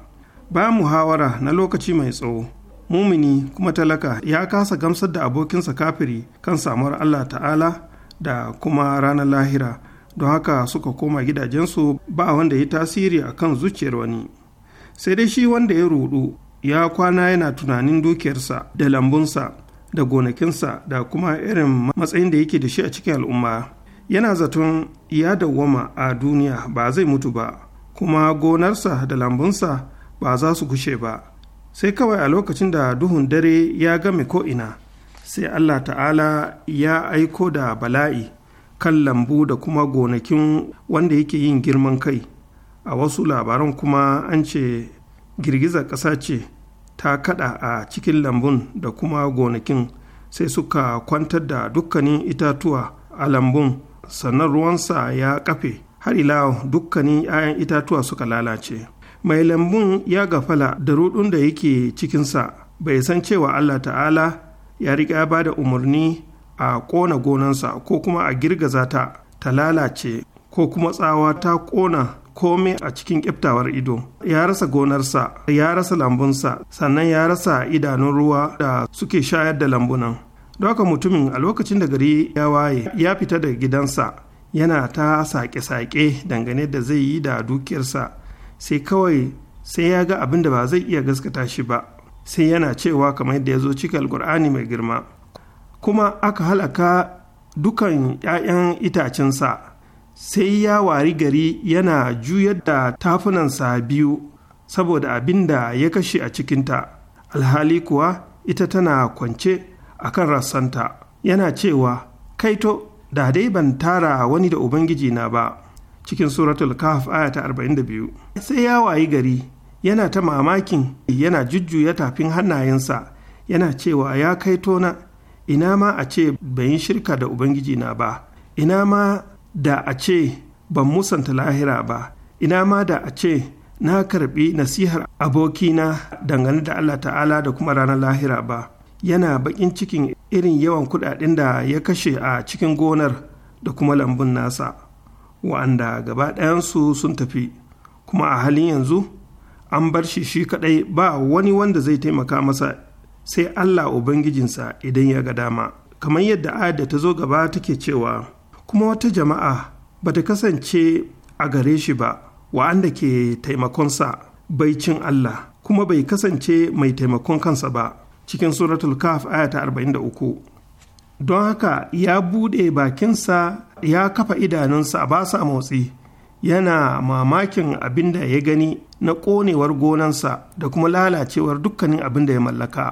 bayan muhawara na lokaci mai tsawo mumini kuma talaka ya kasa gamsar da abokinsa kafiri kan samuwar allah ta'ala da kuma ranar lahira don haka suka koma gidajensu ba wanda ya tasiri a kan zuciyar wani sai dai shi wanda ya rudu ya kwana yana tunanin dukiyarsa da lambunsa da gonakinsa da kuma irin matsayin da yake da shi a cikin al'umma yana zaton ya dawwama a duniya ba zai mutu ba kuma gonarsa da lambunsa ba za su gushe ba sai kawai a lokacin da duhun dare ya game ko'ina sai allah ta'ala ya aiko da bala'i kan lambu da kuma gonakin wanda yake yin girman kai a wasu labaran kuma an ce girgizar ƙasa ce ta kada a cikin lambun da kuma gonakin sai suka kwantar da dukkanin itatuwa a lambun sannan ruwansa ya kafe har ila dukkanin 'ya'yan itatuwa suka lalace mai lambun ya gafala da ruɗun da yake cikinsa bai san cewa allah ta'ala ya riƙa ba da umarni a ƙona gonansa ko kuma a girgaza ta ta lalace ko kuma tsawa ta ƙona komai a cikin ƙiftawar ido ya rasa gonarsa ya rasa lambunsa sannan ya rasa idanun ruwa da suke shayar da lambunan haka mutumin a lokacin da gari ya waye ya fita daga gidansa yana ta saƙe-saƙe dangane da zai yi da dukiyarsa sai kawai sai ya ga abin da ba zai iya gaskata shi ba sai yana cewa kamar yadda ya zo cikin alkur'ani mai girma kuma aka halaka dukan 'ya'yan itacensa sai ya wari gari yana juyar da tafunansa biyu saboda abin da ya kashe a cikinta alhali kuwa ita tana kwance a kan rassanta yana cewa kaito da dai ban tara wani da ubangiji na ba cikin suratul kahf aya ta biyu. sai ya wayi gari yana ta mamakin yana jujjuya tafin hannayensa yana cewa ya kaito na ina ma a ce ban yi shirka da ubangiji na ba ina ma da a ce ban musanta lahira ba ina ma da a ce na karbi nasihar abokina dangane da Allah ta'ala da kuma ranar lahira ba yana bakin cikin irin yawan kudaden da ya kashe a cikin gonar da kuma lambun nasa wa'anda gaba ɗayansu sun tafi kuma a halin yanzu an bar shi shi kaɗai ba wani wanda zai taimaka masa sai Allah Ubangijinsa idan ya ga dama. Kamar yadda ayar da ta zo gaba take cewa, kuma wata jama'a ba ta kasance a gare shi ba, wa'anda ke taimakonsa bai cin Allah, kuma bai kasance mai taimakon kansa ba, cikin suratul kaf aya ta 43. Don haka ya buɗe bakinsa ya kafa idanunsa ba sa motsi, yana mamakin abin da ya gani na ƙonewar gonansa da kuma lalacewar dukkanin abin da ya mallaka.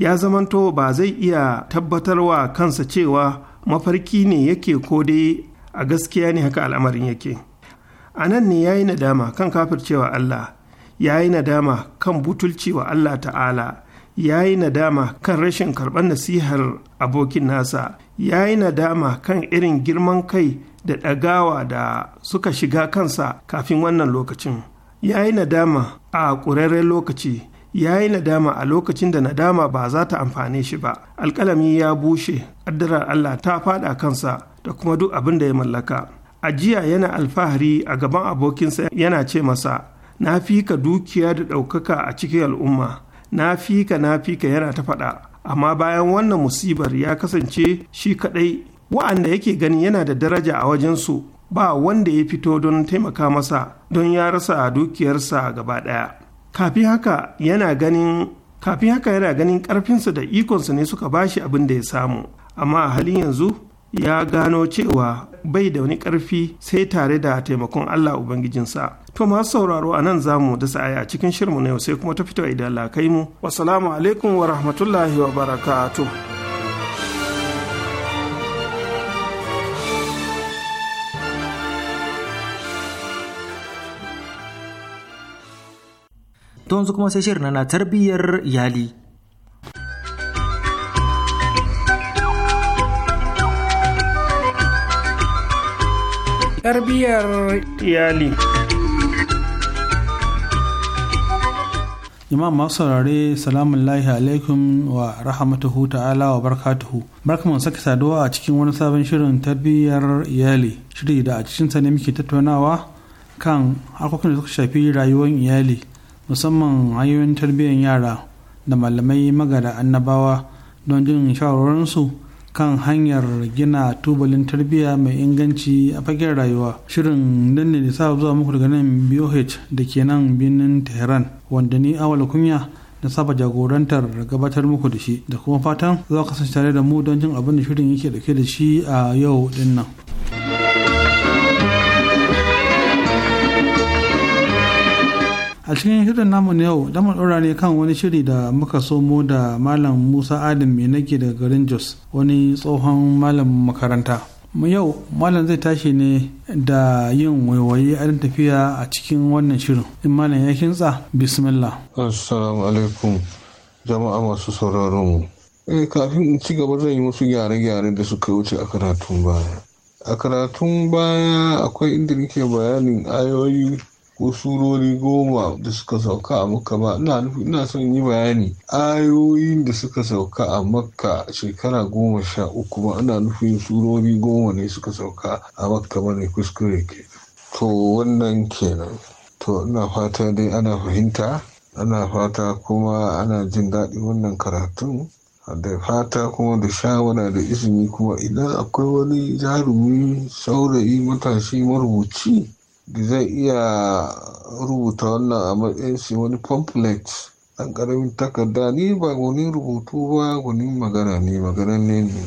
ya zamanto ba zai iya tabbatarwa kansa cewa mafarki ne yake ko dai a gaskiya ne haka al'amarin yake a nan ne ya yi nadama kan kafircewa Allah ya yi nadama kan butulci wa Allah ta'ala ya yi nadama kan rashin karɓar nasihar abokin nasa ya yi nadama kan irin girman kai da ɗagawa da suka shiga kansa kafin wannan lokacin ya yi nadama a ƙurarren lokaci ya yi nadama a lokacin da nadama ba za ta amfane shi ba alkalami ya bushe Addarar allah ta faɗa kansa da kuma duk abin da ya mallaka ajiya yana alfahari a gaban abokinsa yana ce masa na fi ka dukiya da ɗaukaka a cikin al'umma na fi ka na fi ka yana ta faɗa amma bayan wannan musibar ya kasance shi kaɗai wa'anda yake gani yana da daraja a wajensu ba wanda ya fito don taimaka masa don ya rasa dukiyarsa gaba ɗaya kafin haka yana ganin kafin haka yana ganin ƙarfinsa da ikonsa ne suka bashi abin da ya samu amma a halin yanzu ya gano cewa bai da wani karfi sai tare da taimakon Allah Ubangijinsa. To masu sauraro a nan za mu dasa aya a cikin shirmu na yau sai kuma ta fito idan kai mu. Wasalamu alaikum wa rahmatullahi wa barakatuh. to yanzu kuma sai shirin na tarbiyyar iyali tarbiyyar iyali imam masu saurare salamun lahi alaikum wa rahmatuhu ta'ala wa barkatuhu barkamu sake saduwa a cikin wani sabon shirin tarbiyyar iyali shiri da a cikin ne muke tattaunawa kan harkokin da suka shafi rayuwar iyali musamman hanyoyin tarbiyyar yara da malamai magada annabawa don jin shawararsu kan hanyar gina tubalin tarbiyya mai inganci a fagen rayuwa shirin nan ne da sa zuwa muku daga nan boh da ke nan birnin tehran wanda ni awal kunya na saba jagorantar gabatar muku da shi da kuma fatan za kasance tare da mu don jin abin da shirin yake dauke da shi a yau din nan a cikin shirin namu na yau da ne kan wani shiri da muka somo da malam musa adam mai nake daga garin jos wani tsohon malam makaranta mu yau malam zai tashi ne da yin waiwaye a tafiya a cikin wannan shirin in malam ya kintsa bismillah assalamu alaikum jama'a masu sauraron mu eh kafin in ci gaba zan yi wasu gyare-gyare da suka wuce a karatun baya a karatun baya akwai inda nake bayanin ayoyi ko surori goma da suka sauka a makka ba ina son yi bayani ayoyin da suka sauka a makka shekara goma sha uku ba ina nufin surori goma ne suka sauka a makka ba ne kuskure ke to wannan kenan to ina fata dai ana fahimta ana fata kuma ana jin daɗi wannan karatun da fata kuma da shawara da izini kuma idan akwai wani jarumi saurayi matashi marubuci zai iya rubuta wannan a matsayin shi wani pamphlet ɗan ƙaramin takarda ni ba wani rubutu ba wani magana ne magana ne ne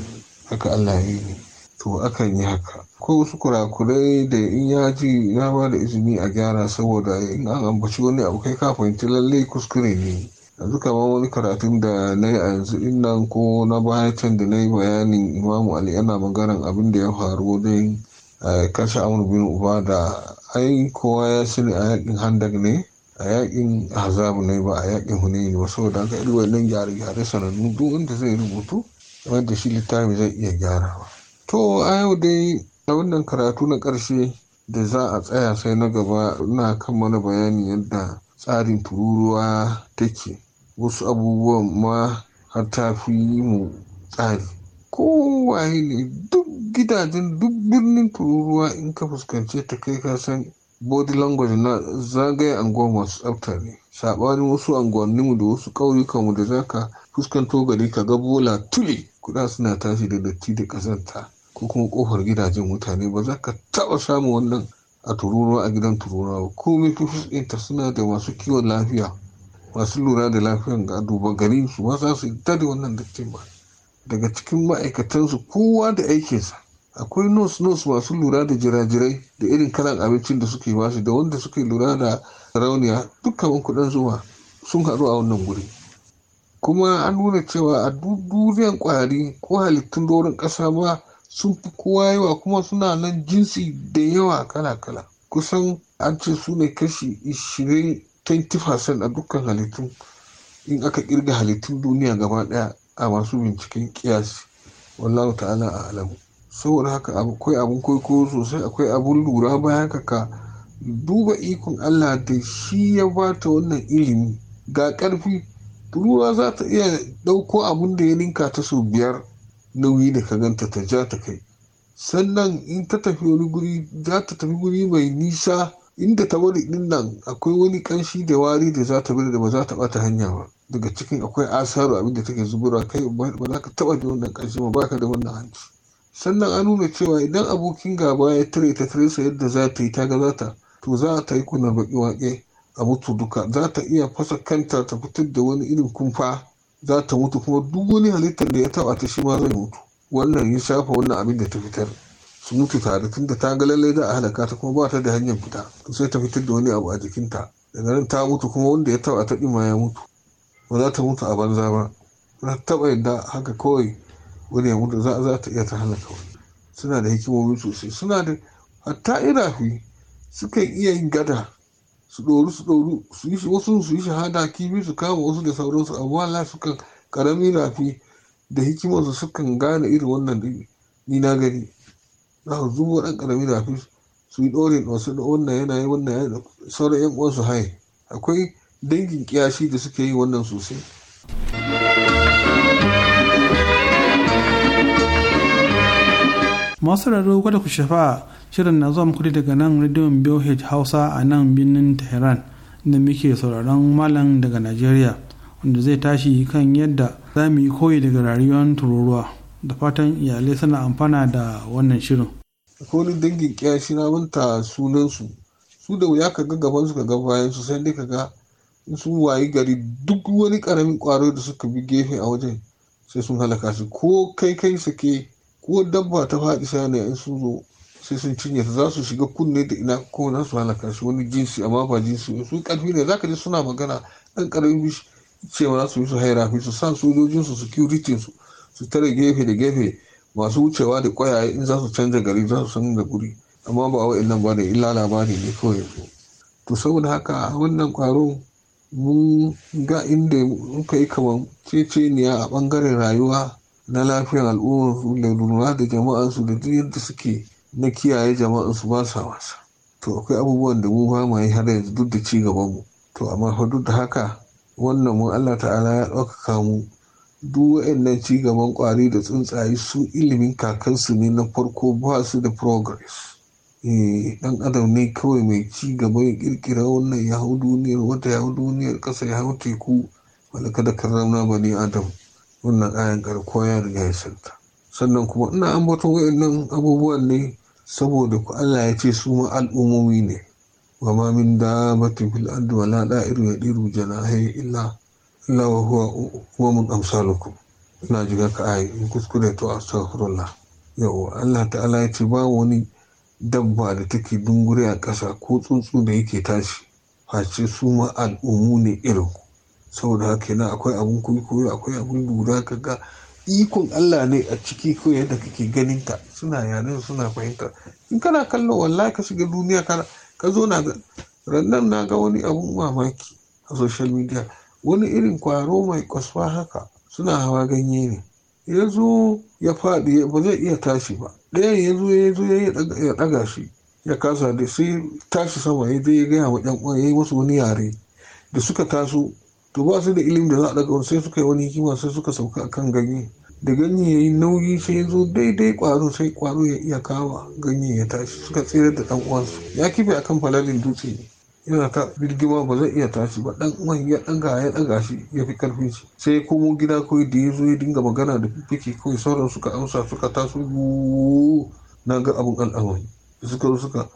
haka Allah yi ne to akan yi haka ko wasu kurakurai da in ya ji na ba da izini a gyara saboda in an ambaci wani abu kai ka fahimci lalle kuskure ne yanzu kamar wani karatun da na yi a yanzu innan ko na baya can da na yi bayanin imamu ali yana maganan abin da ya faru wajen Eh, kashe amur bin uba da ai kowa ya sani a yakin handak ne a yakin hazabu ne ba a yakin hunayi ba saboda haka irin wannan gyare-gyare sanannu duk wanda zai rubutu wanda shi littafi zai iya gyara ba. to a yau dai a wannan karatu na karshe da za a tsaya sai na gaba na kan mana bayani yadda tsarin tururuwa take wasu abubuwan ma har ta fi mu tsari kowaye ne duk gidajen duk birnin tururuwa in ka fuskanci ta kai ka san body language na zagaye anguwa masu tsafta ne saɓanin wasu anguwanninmu da wasu ƙauyukanmu da za ka fuskanto gari ka ga bola tuli kuɗa suna tashi da datti da ƙazanta ko kuma ƙofar gidajen mutane ba za ka taɓa samun wannan a tururuwa a gidan tururuwa ba komai fuskinta suna da masu kiwon lafiya masu lura da lafiyan ga duba gari su ba za su yi da wannan dattin ba daga cikin ma'aikatansu kowa da aikinsa akwai nos nos masu lura da jirajirai da irin kalan abincin da suke basu da wanda suke lura da sarauniya. dukkan kudin zuma sun haɗu a wannan guri kuma an nuna cewa a duniyan kwari ko halittun doron ƙasa ma sun fi kowa yawa kuma suna nan jinsi da yawa kala-kala kusan an ce su ne kashi 20 20% a dukkan halittun in aka kirga halittun duniya gaba daya a masu binciken kiyasi wallahu ta'ala a alamu saboda haka akwai abin kwaikwayo sosai akwai abin lura bayan haka ka duba ikon allah da shi ya bata wannan ilimi ga ƙarfi ruwa za ta iya ɗauko abin da ya ninka ta sau biyar nauyi da ka ganta ta ja ta kai sannan in ta tafi wani guri za ta tafi guri mai nisa inda ta bari din nan akwai wani kanshi da wari da za ta bari da ba za ta bata hanya ba daga cikin akwai asaru abinda take zubarwa kai ba za ka taba da wannan kanshi ba baka da wannan hanci sannan an nuna cewa idan abokin gaba ya tare ta tare sa yadda za ta yi ta ga za ta to za ta yi kuna baki wake a mutu duka za ta iya fasa kanta ta fitar da wani irin kumfa za ta mutu kuma duk wani halittar da ya taba ta shi ma zai mutu wannan ya shafa wannan abin da ta fitar su mutu tare tunda ta ga lallai za a halaka ta kuma ba ta da hanyar fita to sai ta fitar da wani abu a jikinta daga nan ta mutu kuma wanda ya taba ta ya mutu ba za ta mutu a banza ba za ta taba yadda haka kawai wani ya mutu za ta iya ta halaka wani suna da hikimomi sosai suna da hatta irafi sukan iya yin gada su ɗoru su ɗoru su yi wasu su yi shahada kibi su kama wasu da sauransu amma Allah sukan karami rafi da hikimarsu sukan gane irin wannan ni na gani su zubo ɗan ƙarami da fi su yi da wasu da wannan yanayi wannan yanayi sauran yan uwansu haye akwai dangin kiyashi da suke yi wannan sosai masu raro kwada ku shafa shirin na zuwa muku daga nan rediyon BOH Hausa a nan birnin Tehran da muke sauraron malam daga Najeriya wanda zai tashi kan yadda za mu yi koyi daga rayuwar tururuwa. da fatan iyalai suna amfana da wannan shirin wani dangin shi na manta sunansu su da wuya ka ga gaban su ka ga bayan su sai dai ka ga in sun wayi gari duk wani karamin kwaro da suka bi gefe a wajen sai sun halaka su ko kai kai sake ko dabba ta faɗi sai ne in sun zo sai sun cinye ta za su shiga kunne da ina ko na su halaka su wani jinsi amma ba jinsi su karfi ne za ka ji suna magana dan karamin bishi cewa za su yi su haira su sa sojojin su security su su tare gefe da gefe masu wucewa da kwayaye in za su canza gari za su san da guri amma ba wa ba da illa labari ne kawai yanzu to saboda haka wannan kwaro mun ga inda muka yi kamar ceceniya a bangaren rayuwa na lafiyar al'ummarsu da lura da jama'arsu da duk yadda suke na kiyaye jama'arsu ba sa wasa to akwai abubuwan da mu ba ma yi har yanzu duk da ci gaban mu to amma fa duk da haka wannan mun Allah ta'ala ya ɗaukaka mu duk waɗannan cigaban ƙwari da tsuntsaye su ilimin kakansu ne na farko ba su da progress dan eh, adam ne kawai mai ci gaba ya kirkira wannan ya duniyar wata ya duniyar ƙasa ya hau teku wanda kada ba bani adam wannan ayan karko ya riga ya santa sannan kuma ina ambaton waɗannan abubuwan ne saboda ku Allah ya ce su ma al'ummomi ne wa ma min dabbatin fil ardi wala da'iru yadiru janahi illa lawa wa huwa mun amsalukum ina jiga ka ai in kuskure to astaghfirullah yau Allah ta'ala ya ce ba wani dabba da take dungure a ƙasa ko tsuntsu da yake tashi face su ma al'ummu ne irin saboda haka yana akwai abun kwaikwayo akwai abun lura ka ga ikon Allah ne a ciki ko yadda kake ganin ta suna yanar suna fahimta in kana kallo wallahi ka shiga duniya ka zo na ga rannan na ga wani abun mamaki a social media wani irin kwaro mai kwasfa haka suna hawa ganye ne ya zo ya faɗi ba zai iya tashi ba ɗayan ya zo ya zo ya ɗaga shi ya kasa da sai tashi sama ya zai ya gaya wa ɗan ya yi wasu wani yare da suka taso to ba su da ilimin da za a ɗaga sai suka yi wani hikima sai suka sauka a kan ganye da ganye ya yi nauyi sai ya zo daidai ƙwaro sai ƙwaro ya iya kawa ganye ya tashi suka tsere da ɗan uwansu ya kife akan falalin dutse ne yana ta birgima ba zai iya tashi ba dan uwan ya daga ya daga shi ya fi karfin shi sai komo gida kawai da ya zo ya dinga magana da fiffike kawai sauran suka amsa suka taso na ga abun al'amari suka zo suka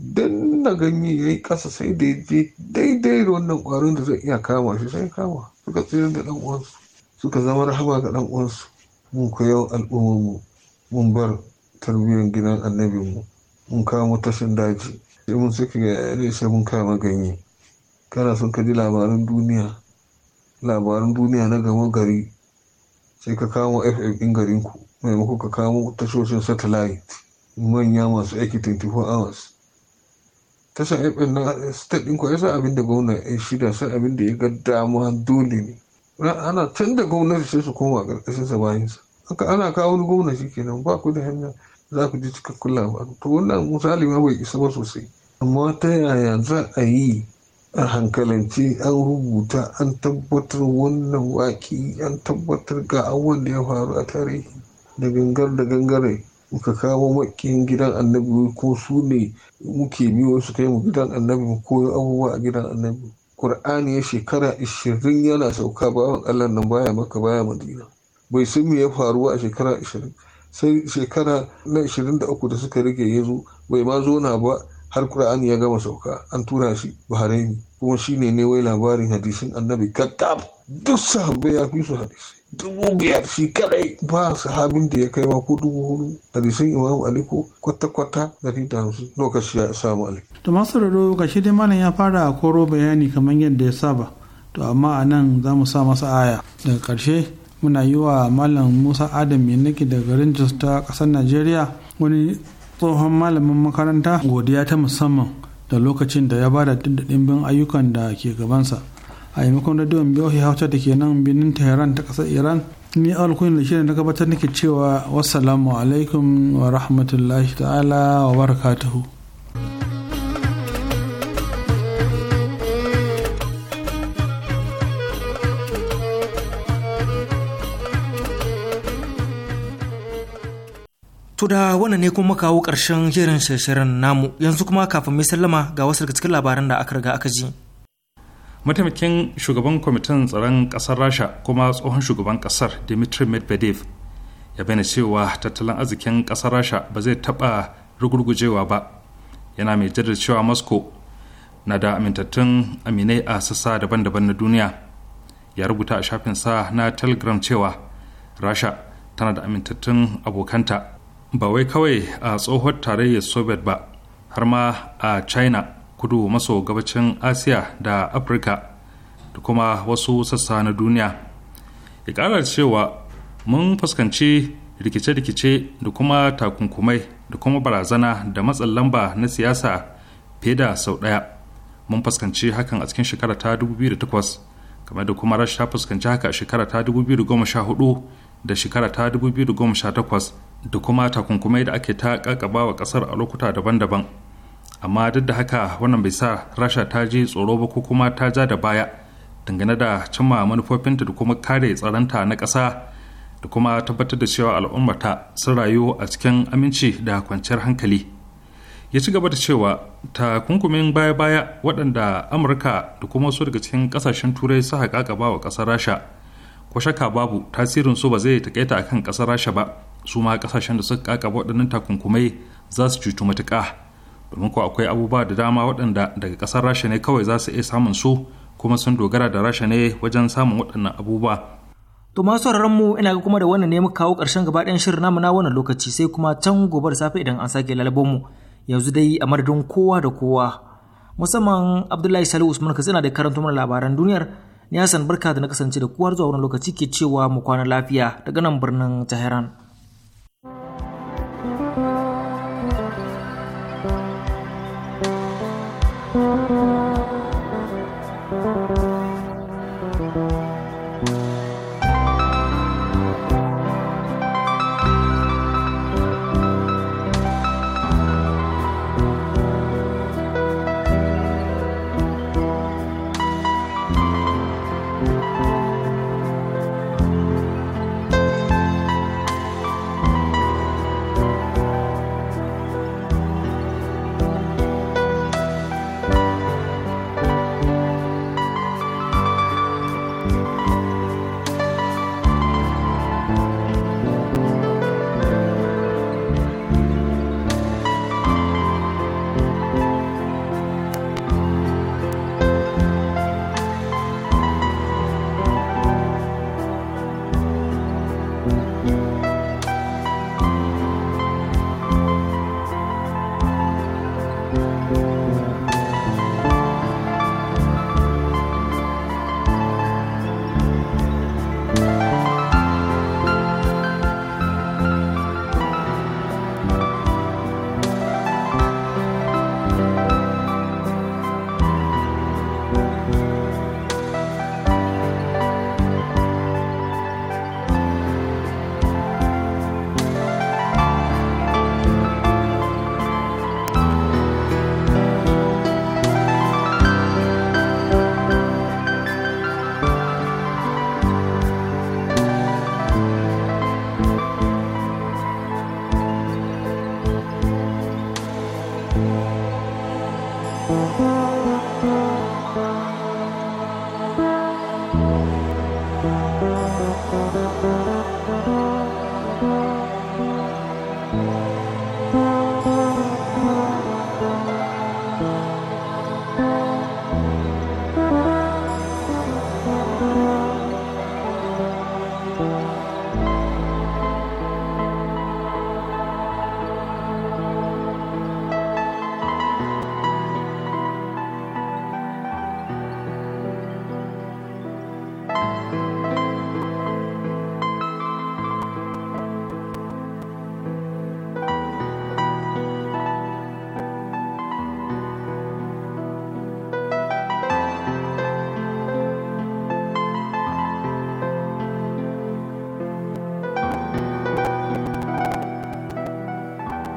danna ganye ya yi kasa sai da ya je daidai da wannan kwarin da zai iya kama shi sai kama suka tsirin da dan uwansu suka zama rahama ga dan uwansu mun koyar al'ummarmu mun bar tarbiyyar gidan annabinmu mun kama tashin daji sai mun sai ne ga mun kama ganye kana son ka ji labaran duniya labaran duniya na gama gari sai ka kamo fm din garin ku maimako ka kamo tashoshin satellite manya masu aiki 24 hours tashar fm na state din ku ya sa abin da gwamna ya shida sai abin da ya ga dama dole ne ana canza gwamnati sai su koma ƙarƙashin sa sa haka ana kawo wani gwamna shi kenan ba ku da hanya za ku ji cikakkun labaru to wannan misali ma bai isa ba sosai amma ta yaya za a yi a hankalance an rubuta an tabbatar wannan waki an tabbatar ga awon da ya faru a tarihi da gangar da gangare muka kawo makin gidan annabi ko su ne muke biyo wasu kai mu gidan annabi ko abubuwa a gidan annabi Kur'ani ya shekara 20 yana sauka bawan Allah nan baya maka baya madina bai san me ya faru a shekara 20 sai shekara na 23 da uku da suka rage ya zo bai ma zo na ba har Kur'an ya gama sauka an tura shi Bahrain kuma shine ne wai labarin hadisin Annabi Kattab duk sahabbai ya fi su hadisi dubu biyar shi kadai ba sahabin da ya kai ma ko dubu hudu hadisin Imam Ali ko kwata-kwata dari da hamsin lokaci ya samu Ali. To masu raro gashi dai malam ya fara a koro bayani kamar yadda ya saba to amma a nan za mu sa masa aya daga karshe muna yi wa malam Musa Adam ya Yanaki da garin Jos ta ƙasar Najeriya wani tsohon malamin makaranta godiya ta musamman da lokacin da ya bada da ɗimbin ayyukan da ke gabansa a yamakon radiyon biyohi hauta da ke nan birnin tehran ta kasar iran ni alkun da shirin na gabatar nake cewa salamu alaikum wa rahmatullahi ta'ala wa barakatuhu To da wannan ne kuma kawo ƙarshen shirin shirin namu yanzu kuma kafin mai sallama ga wasu daga cikin labaran da aka riga aka ji. Mataimakin shugaban kwamitin tsaron ƙasar Rasha kuma tsohon shugaban ƙasar Dmitry Medvedev ya bayyana cewa tattalin arzikin kasar Rasha ba zai taɓa rugurgujewa ba. Yana mai jaddada cewa Moscow na da amintattun aminai a sassa daban-daban na duniya. Ya rubuta a shafinsa na Telegram cewa Rasha tana da amintattun abokanta ba wai kawai a tsohon tarayyar soviet ba har ma a china kudu maso gabacin asiya da afirka da kuma wasu sassa na duniya ikalar cewa mun fuskanci rikice-rikice da kuma takunkumai da kuma barazana da matsin lamba na siyasa fiye da sau ɗaya mun fuskanci hakan a cikin shekara ta 2008 kamar da kuma rasha fuskanci haka a shekara ta 2014 da shekara ta 2018 da kuma takunkumai da ake ta kakaba wa kasar a lokuta daban-daban amma duk da haka wannan bai sa rasha ta ji tsoro ba ko kuma ta ja da baya dangane da cimma manufofinta da kuma kare tsaranta na ƙasa da kuma tabbatar da cewa al'ummata sun rayu a cikin aminci da kwanciyar hankali ya ci gaba da cewa takunkumin baya-baya waɗanda amurka da kuma wasu daga cikin ƙasashen turai suka kakaba wa ƙasar rasha ko shakka babu tasirin su ba zai takaita kan kasar rasha ba su ma kasashen da suka kakaba waɗannan takunkumai za su cutu matuƙa domin ko akwai abubuwa da dama waɗanda daga ƙasar rasha ne kawai za su iya samun su kuma sun dogara da rasha ne wajen samun waɗannan abubuwa To masu mu ina ga kuma da wannan ne muka kawo ƙarshen gaba ɗayan shirin namu na wannan lokaci sai kuma can gobe da safe idan an sake lalabon mu yanzu dai a madadin kowa da kowa musamman Abdullahi Salihu Usman Katsina da karanta mana labaran duniyar ni barka da na kasance da kuwar zuwa wani lokaci ke cewa mu kwana lafiya daga nan birnin Tehran